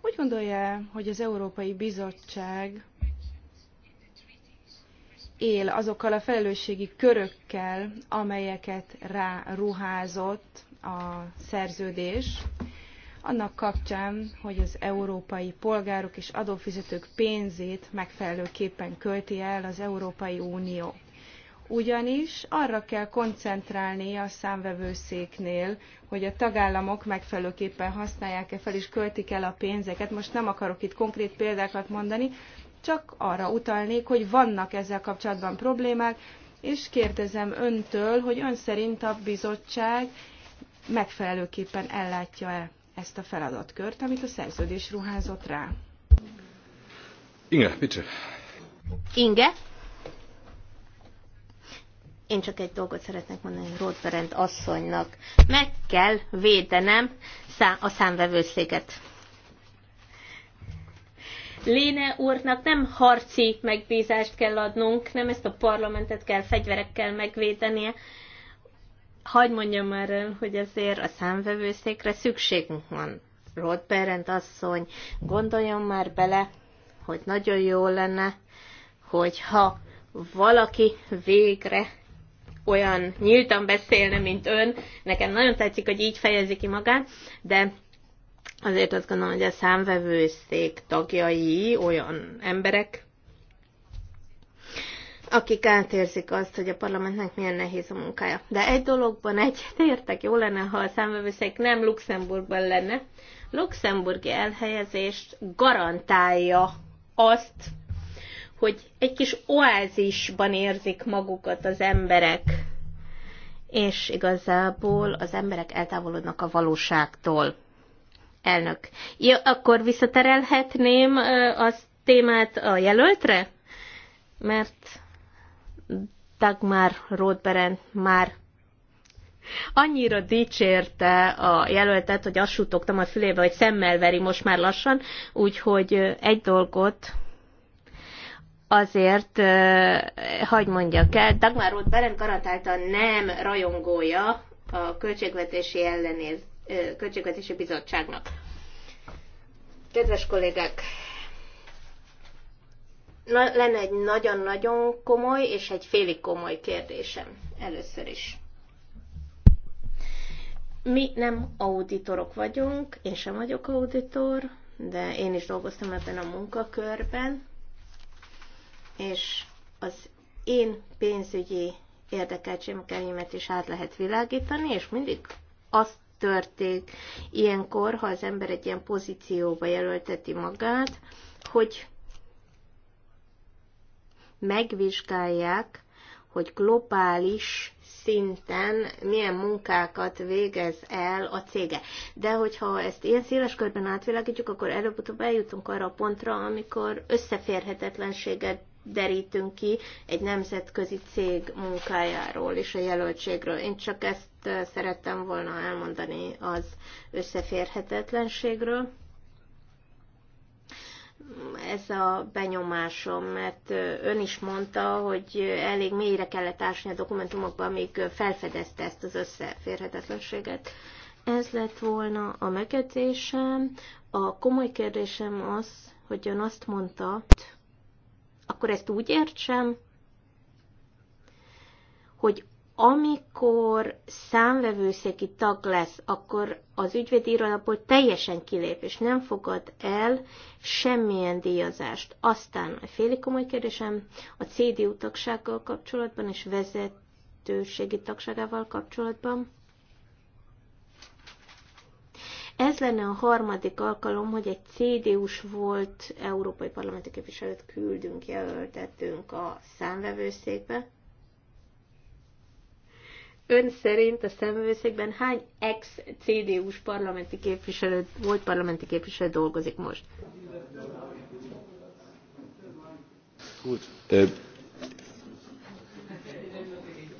Hogy gondolja, hogy az Európai Bizottság él azokkal a felelősségi körökkel, amelyeket ráruházott a szerződés, annak kapcsán, hogy az európai polgárok és adófizetők pénzét megfelelőképpen költi el az Európai Unió ugyanis arra kell koncentrálnia a számvevőszéknél, hogy a tagállamok megfelelőképpen használják-e fel és költik el a pénzeket. Most nem akarok itt konkrét példákat mondani, csak arra utalnék, hogy vannak ezzel kapcsolatban problémák, és kérdezem öntől, hogy ön szerint a bizottság megfelelőképpen ellátja-e ezt a feladatkört, amit a szerződés ruházott rá. Inge, mit Inge, én csak egy dolgot szeretnék mondani Rót Berend asszonynak. Meg kell védenem a számvevőszéket. Léne úrnak nem harci megbízást kell adnunk, nem ezt a parlamentet kell fegyverekkel megvédenie. Hagy mondjam már el, hogy azért a számvevőszékre szükségünk van. Rod Berend asszony, gondoljon már bele, hogy nagyon jó lenne, hogyha valaki végre olyan nyíltan beszélne, mint ön. Nekem nagyon tetszik, hogy így fejezi ki magát, de azért azt gondolom, hogy a számvevőszék tagjai olyan emberek, akik átérzik azt, hogy a parlamentnek milyen nehéz a munkája. De egy dologban értek, jó lenne, ha a számvevőszék nem Luxemburgban lenne. Luxemburgi elhelyezést garantálja azt, hogy egy kis oázisban érzik magukat az emberek, és igazából az emberek eltávolodnak a valóságtól. Elnök, ja, akkor visszaterelhetném az témát a jelöltre? Mert Dagmar Rothberen már annyira dicsérte a jelöltet, hogy azt suttogtam a fülébe, hogy szemmel veri most már lassan, úgyhogy egy dolgot azért, hagy mondjak el, Dagmar Ruth Beren garantáltan nem rajongója a Költségvetési ellenéz, Költségvetési Bizottságnak. Kedves kollégák, na, lenne egy nagyon-nagyon komoly és egy félig komoly kérdésem először is. Mi nem auditorok vagyunk, én sem vagyok auditor, de én is dolgoztam ebben a munkakörben, és az én pénzügyi érdekeltségemet is át lehet világítani, és mindig azt történik ilyenkor, ha az ember egy ilyen pozícióba jelölteti magát, hogy megvizsgálják, hogy globális szinten milyen munkákat végez el a cége. De hogyha ezt ilyen széles körben átvilágítjuk, akkor előbb-utóbb eljutunk arra a pontra, amikor összeférhetetlenséget derítünk ki egy nemzetközi cég munkájáról és a jelöltségről. Én csak ezt szerettem volna elmondani az összeférhetetlenségről. Ez a benyomásom, mert ön is mondta, hogy elég mélyre kellett ásni a dokumentumokba, amíg felfedezte ezt az összeférhetetlenséget. Ez lett volna a megedzésem. A komoly kérdésem az, hogy ön azt mondta, akkor ezt úgy értsem, hogy amikor számvevőszéki tag lesz, akkor az ügyvédi irodából teljesen kilép, és nem fogad el semmilyen díjazást. Aztán a félig komoly kérdésem a CDU tagsággal kapcsolatban és vezetőségi tagságával kapcsolatban. Ez lenne a harmadik alkalom, hogy egy CDU-s volt európai parlamenti képviselőt küldünk, jelöltettünk a számvevőszékbe. Ön szerint a számvevőszékben hány ex-CDU-s parlamenti képviselő, volt parlamenti képviselő dolgozik most?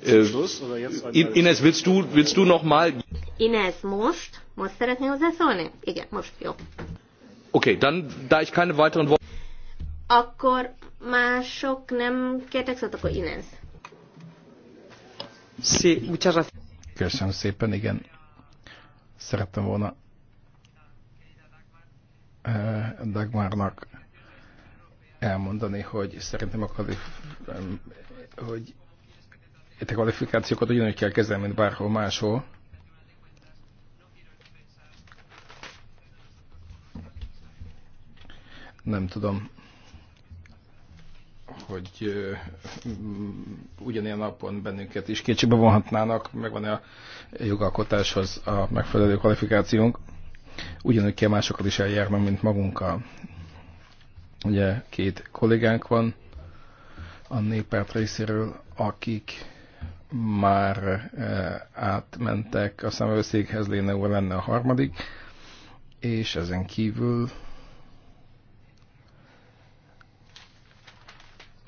Äh, Ines, willst du, willst du noch mal? Ines, most? Most szeretnél hozzászólni? Igen, most jó. Oké, okay, dann, da ich keine weiteren Worte... Akkor mások nem kértek szót, akkor Ines. Sí, muchas gracias. Köszönöm szépen, igen. Szerettem volna eh, Dagmarnak elmondani, hogy szerintem a kalif, hogy itt a kvalifikációkat ugyanúgy kell kezelni, mint bárhol máshol. Nem tudom, hogy ugyanilyen napon bennünket is kétségbe vonhatnának, megvan -e a jogalkotáshoz a megfelelő kvalifikációnk. Ugyanúgy kell másokat is eljárnunk, mint magunkkal. Ugye két kollégánk van a néppárt részéről, akik már eh, átmentek a szemőszékhez, Léne úr lenne a harmadik, és ezen kívül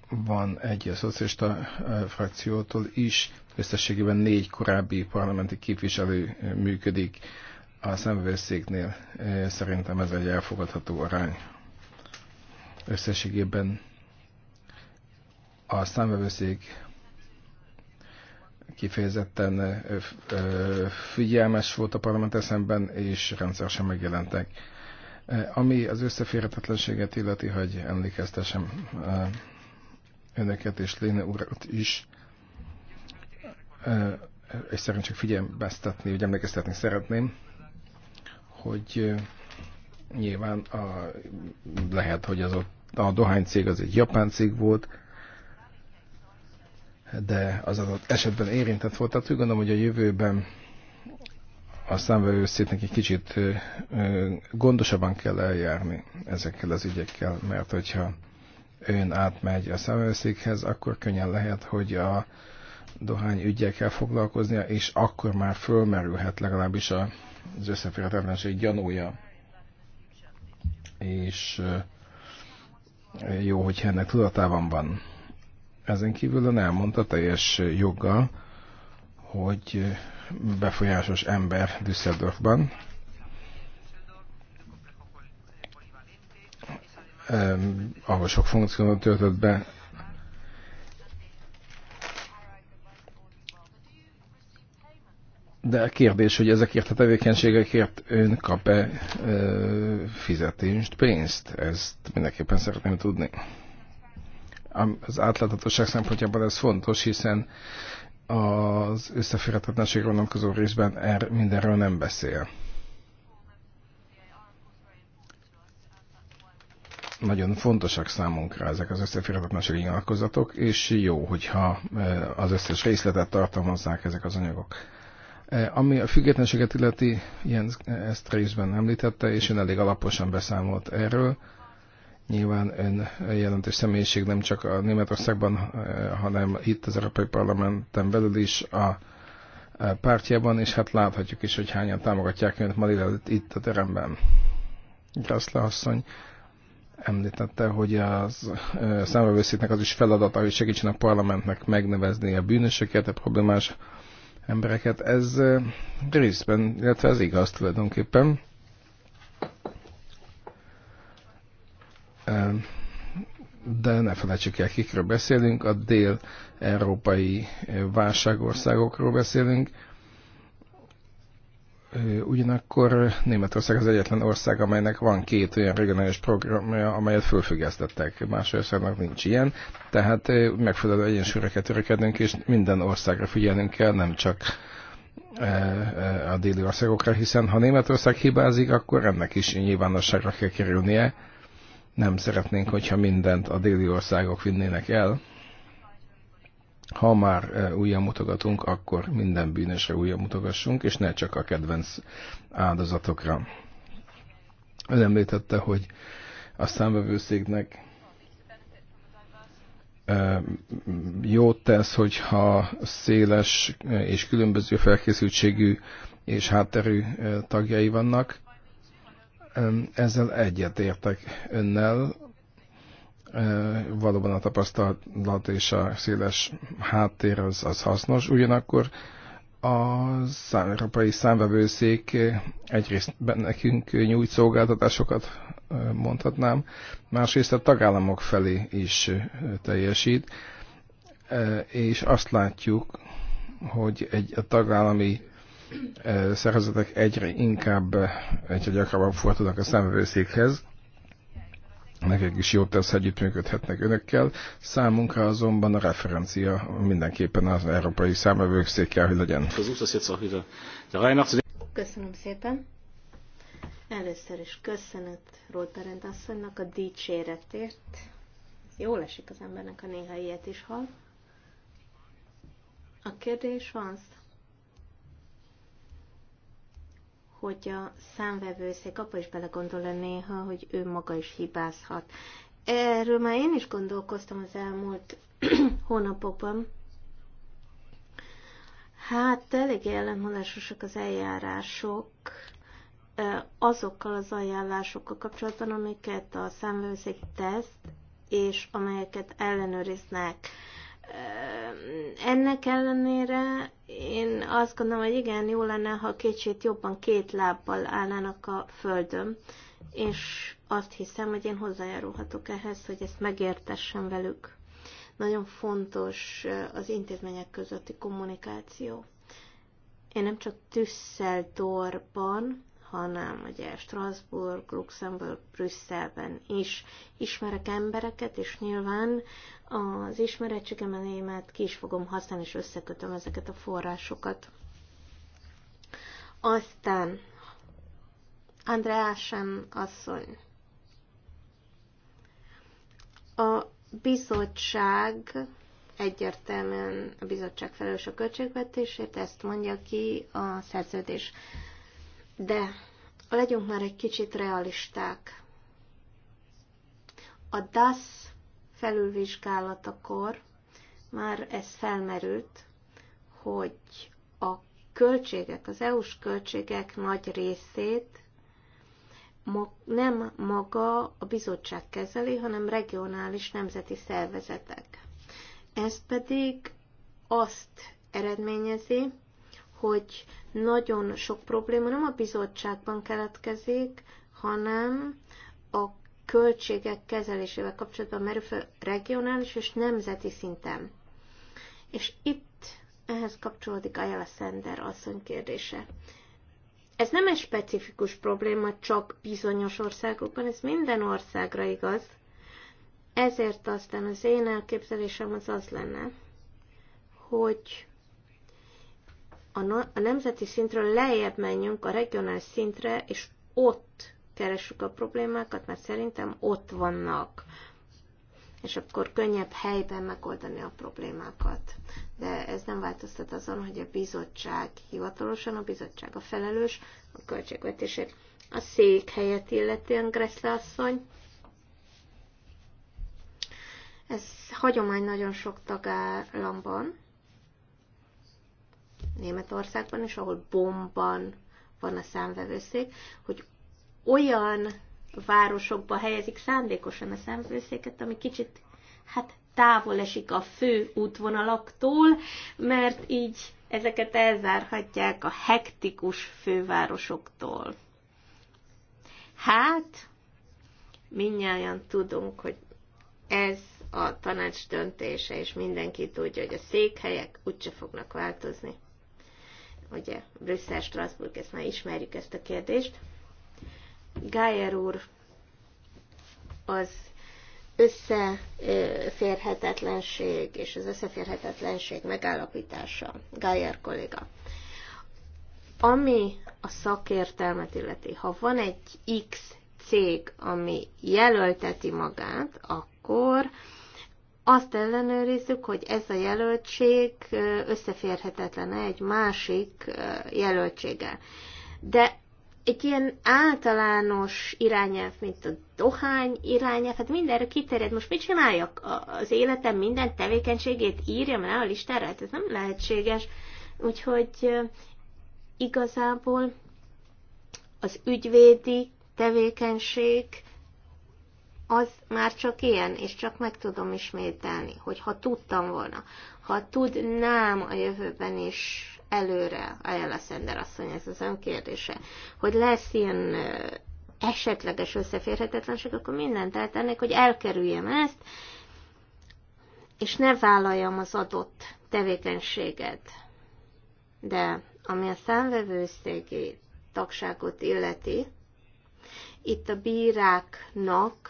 van egy a szocialista eh, frakciótól is, összességében négy korábbi parlamenti képviselő eh, működik a szemvőszéknél. Szerintem ez egy elfogadható arány. Összességében a szemvőszék kifejezetten figyelmes volt a parlament eszemben, és rendszeresen megjelentek. Ami az összeférhetetlenséget illeti, hogy emlékeztessem önöket és Léne urat is, és szerint csak figyelmeztetni, vagy emlékeztetni szeretném, hogy nyilván a, lehet, hogy az ott, a dohánycég az egy japán cég volt, de az adott esetben érintett volt. Tehát úgy gondolom, hogy a jövőben a számvevőszéknek egy kicsit gondosabban kell eljárni ezekkel az ügyekkel, mert hogyha ön átmegy a számvevőszékhez, akkor könnyen lehet, hogy a dohány ügyekkel foglalkoznia, és akkor már fölmerülhet legalábbis az összeférhetetlenség gyanúja. És jó, hogy ennek tudatában van. Ezen kívül ön elmondta teljes joggal, hogy befolyásos ember Düsseldorfban, eh, ahol sok funkciót töltött be, De a kérdés, hogy ezekért a tevékenységekért ön kap-e fizetést, pénzt? Ezt mindenképpen szeretném tudni az átláthatóság szempontjából ez fontos, hiszen az összeférhetetlenség vonatkozó részben er, mindenről nem beszél. Nagyon fontosak számunkra ezek az összeférhetetlenségi nyilatkozatok, és jó, hogyha e, az összes részletet tartalmazzák ezek az anyagok. E, ami a függetlenséget illeti, Jens ezt részben említette, és én elég alaposan beszámolt erről Nyilván ön jelentős személyiség nem csak a Németországban, eh, hanem itt az Európai Parlamenten belül is a eh, pártjában, és hát láthatjuk is, hogy hányan támogatják önt ma délelőtt itt a teremben. Graszle asszony említette, hogy az eh, számbevőszéknek az is feladata, hogy segítsen a parlamentnek megnevezni a bűnösöket, a problémás embereket. Ez részben, illetve ez igaz tulajdonképpen. Ehm, de ne felejtsük el, kikről beszélünk, a dél-európai eh, válságországokról beszélünk. Eh, ugyanakkor Németország az egyetlen ország, amelynek van két olyan regionális programja, amelyet fölfüggesztettek. Más országnak nincs ilyen, tehát eh, megfelelő egyensúlyra törekednünk, és minden országra figyelnünk kell, nem csak a déli országokra, hiszen ha Németország hibázik, akkor ennek is nyilvánosságra kell kerülnie nem szeretnénk, hogyha mindent a déli országok vinnének el. Ha már e, újra mutogatunk, akkor minden bűnösre újra mutogassunk, és ne csak a kedvenc áldozatokra. Ön említette, hogy a számvevőszéknek e, jót tesz, hogyha széles és különböző felkészültségű és hátterű e, tagjai vannak. Ezzel egyetértek önnel. Valóban a tapasztalat és a széles háttér az, az hasznos. Ugyanakkor a európai számvevőszék egyrészt nekünk nyújt szolgáltatásokat, mondhatnám, másrészt a tagállamok felé is teljesít, és azt látjuk, hogy egy a tagállami szervezetek egyre inkább, egyre gyakrabban fordulnak a számvevőszékhez, nekik is jót tesz, együttműködhetnek önökkel. Számunkra azonban a referencia mindenképpen az európai számövőkszék kell, hogy legyen. Köszönöm szépen. Először is köszönet Rolperend asszonynak a dicséretért. Jól esik az embernek, a néha ilyet is hall. A kérdés az, hogy a számvevőszék apa is belegondol -e néha, hogy ő maga is hibázhat. Erről már én is gondolkoztam az elmúlt hónapokban. Hát elég ellentmondásosak az eljárások azokkal az ajánlásokkal kapcsolatban, amiket a számvevőszék teszt, és amelyeket ellenőriznek ennek ellenére én azt gondolom, hogy igen, jó lenne, ha kicsit jobban két lábbal állnának a földön, és azt hiszem, hogy én hozzájárulhatok ehhez, hogy ezt megértessem velük. Nagyon fontos az intézmények közötti kommunikáció. Én nem csak Düsseldorban, hanem ugye Strasbourg, Luxemburg, Brüsszelben is ismerek embereket, és nyilván az ismerettségemet ki is fogom használni, és összekötöm ezeket a forrásokat. Aztán Andreásen asszony. A bizottság egyértelműen a bizottság felelős a költségvetésért, ezt mondja ki a szerződés. De legyünk már egy kicsit realisták. A DAS felülvizsgálatakor már ez felmerült, hogy a költségek, az EU-s költségek nagy részét nem maga a bizottság kezeli, hanem regionális nemzeti szervezetek. Ez pedig azt eredményezi, hogy nagyon sok probléma nem a bizottságban keletkezik, hanem a költségek kezelésével kapcsolatban merül fel regionális és nemzeti szinten. És itt ehhez kapcsolódik Ayala Sender asszony kérdése. Ez nem egy specifikus probléma csak bizonyos országokban, ez minden országra igaz. Ezért aztán az én elképzelésem az az lenne, hogy a, a nemzeti szintről lejjebb menjünk a regionális szintre, és ott keressük a problémákat, mert szerintem ott vannak. És akkor könnyebb helyben megoldani a problémákat. De ez nem változtat azon, hogy a bizottság hivatalosan, a bizottság a felelős a költségvetésért. A székhelyet illetően Gressle asszony, ez hagyomány nagyon sok tagállamban, Németországban is, ahol bomban van a számvevőszék, hogy olyan városokba helyezik szándékosan a számvevőszéket, ami kicsit hát távol esik a fő útvonalaktól, mert így ezeket elzárhatják a hektikus fővárosoktól. Hát, minnyáján tudunk, hogy ez a tanács döntése, és mindenki tudja, hogy a székhelyek úgyse fognak változni ugye Brüsszel, Strasbourg, ezt már ismerjük ezt a kérdést. Gájer úr az összeférhetetlenség és az összeférhetetlenség megállapítása, Gájer kolléga. Ami a szakértelmet illeti, ha van egy X cég, ami jelölteti magát, akkor azt ellenőrizzük, hogy ez a jelöltség összeférhetetlen egy másik jelöltséggel. De egy ilyen általános irányelv, mint a dohány irányelv, hát mindenre kiterjed. Most mit csináljak? Az életem minden tevékenységét írjam le a listára? Hát ez nem lehetséges. Úgyhogy igazából az ügyvédi tevékenység az már csak ilyen, és csak meg tudom ismételni, hogy ha tudtam volna, ha tudnám a jövőben is előre, Ayala Szender asszony, ez az ön kérdése, hogy lesz ilyen esetleges összeférhetetlenség, akkor mindent eltennék, hogy elkerüljem ezt, és ne vállaljam az adott tevékenységet. De ami a számvevőszégi tagságot illeti, itt a bíráknak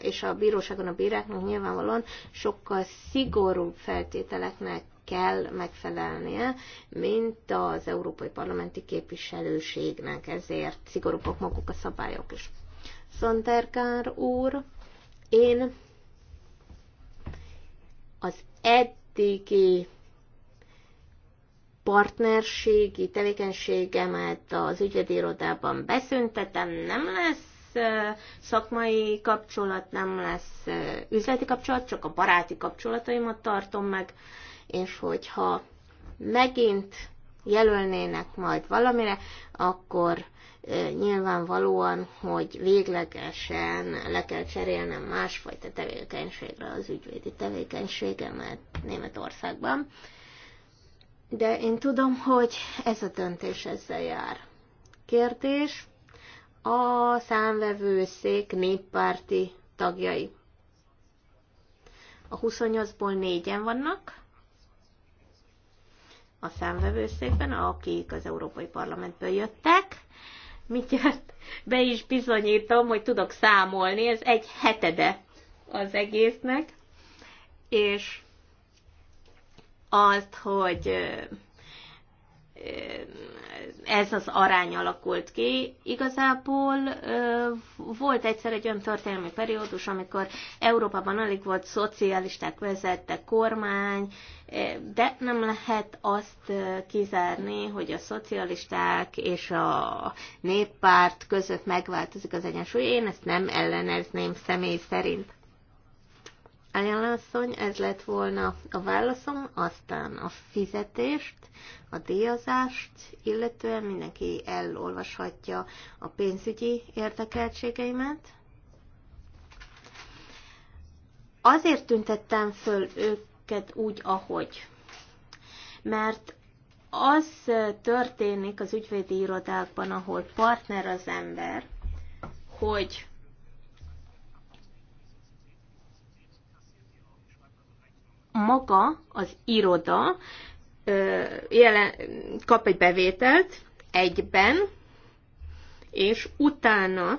és a bíróságon a bíráknak nyilvánvalóan sokkal szigorúbb feltételeknek kell megfelelnie, mint az Európai Parlamenti Képviselőségnek, ezért szigorúbbak maguk a szabályok is. Szonterkár úr, én az eddigi partnerségi tevékenységemet az ügyedirodában beszüntetem, nem lesz szakmai kapcsolat, nem lesz üzleti kapcsolat, csak a baráti kapcsolataimat tartom meg, és hogyha megint jelölnének majd valamire, akkor nyilvánvalóan, hogy véglegesen le kell cserélnem másfajta tevékenységre az ügyvédi tevékenységemet Németországban. De én tudom, hogy ez a döntés ezzel jár. Kérdés, a számvevőszék néppárti tagjai. A 28-ból négyen vannak a számvevőszékben, akik az Európai Parlamentből jöttek. Mindjárt be is bizonyítom, hogy tudok számolni, ez egy hetede az egésznek, és azt, hogy ez az arány alakult ki. Igazából volt egyszer egy olyan történelmi periódus, amikor Európában alig volt szocialisták vezette kormány, de nem lehet azt kizárni, hogy a szocialisták és a néppárt között megváltozik az egyensúly. Én ezt nem ellenezném személy szerint ajánlászony, ez lett volna a válaszom, aztán a fizetést, a díjazást, illetően mindenki elolvashatja a pénzügyi érdekeltségeimet. Azért tüntettem föl őket úgy, ahogy. Mert az történik az ügyvédi irodákban, ahol partner az ember, hogy maga az iroda jelen, kap egy bevételt egyben, és utána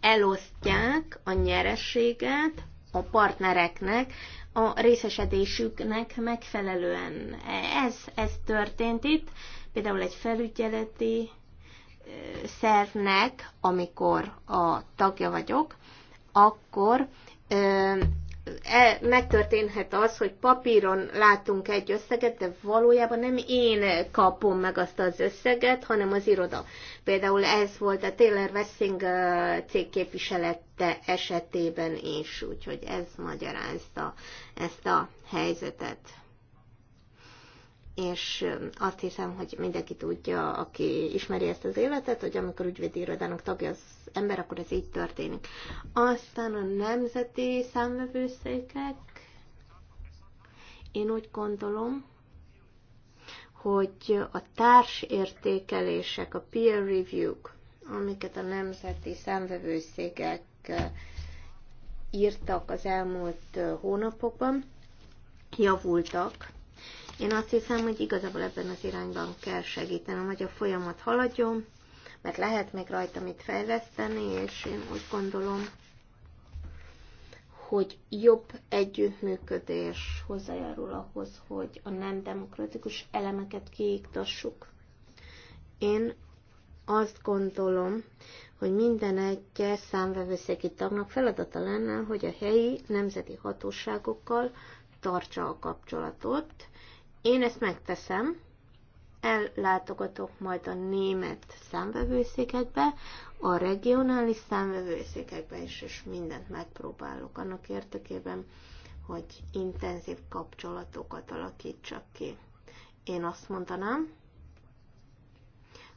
elosztják a nyerességet a partnereknek, a részesedésüknek megfelelően. Ez, ez történt itt, például egy felügyeleti szervnek, amikor a tagja vagyok, akkor e, megtörténhet az, hogy papíron látunk egy összeget, de valójában nem én kapom meg azt az összeget, hanem az iroda. Például ez volt a Taylor Wessing cég esetében is, úgyhogy ez magyarázta ezt a helyzetet. És azt hiszem, hogy mindenki tudja, aki ismeri ezt az életet, hogy amikor ügyvédi irodának tagja, az ember, akkor ez így történik. Aztán a nemzeti számvevőszékek, én úgy gondolom, hogy a társértékelések, a peer review-k, amiket a nemzeti számvevőszékek írtak az elmúlt hónapokban, javultak. Én azt hiszem, hogy igazából ebben az irányban kell segíteni, hogy a folyamat haladjon, mert lehet még rajta mit fejleszteni, és én úgy gondolom, hogy jobb együttműködés hozzájárul ahhoz, hogy a nem demokratikus elemeket kiiktassuk. Én azt gondolom, hogy minden egyes számvevőszegi tagnak feladata lenne, hogy a helyi nemzeti hatóságokkal tartsa a kapcsolatot. Én ezt megteszem, ellátogatok majd a német számvevőszékekbe, a regionális számvevőszékekbe is, és mindent megpróbálok annak érdekében, hogy intenzív kapcsolatokat alakítsak ki. Én azt mondanám,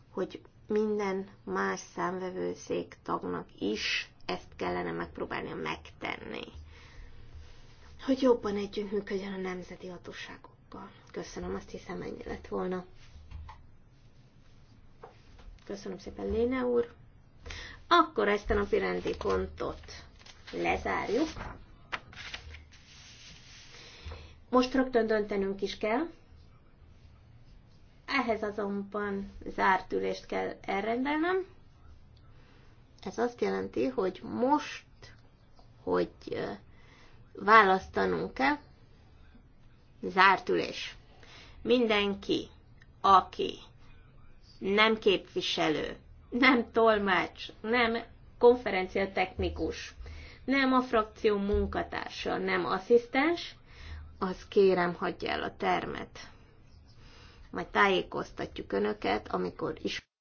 hogy minden más számvevőszék tagnak is ezt kellene megpróbálnia megtenni, hogy jobban együttműködjön a nemzeti hatóságokkal. Köszönöm, azt hiszem ennyi lett volna. Köszönöm szépen, Léne úr. Akkor ezt a napi rendi pontot lezárjuk. Most rögtön döntenünk is kell. Ehhez azonban zárt ülést kell elrendelnem. Ez azt jelenti, hogy most, hogy választanunk kell zárt ülés. Mindenki, aki nem képviselő, nem tolmács, nem konferenciatechnikus, nem a frakció munkatársa, nem asszisztens, az kérem hagyja el a termet. Majd tájékoztatjuk önöket, amikor is.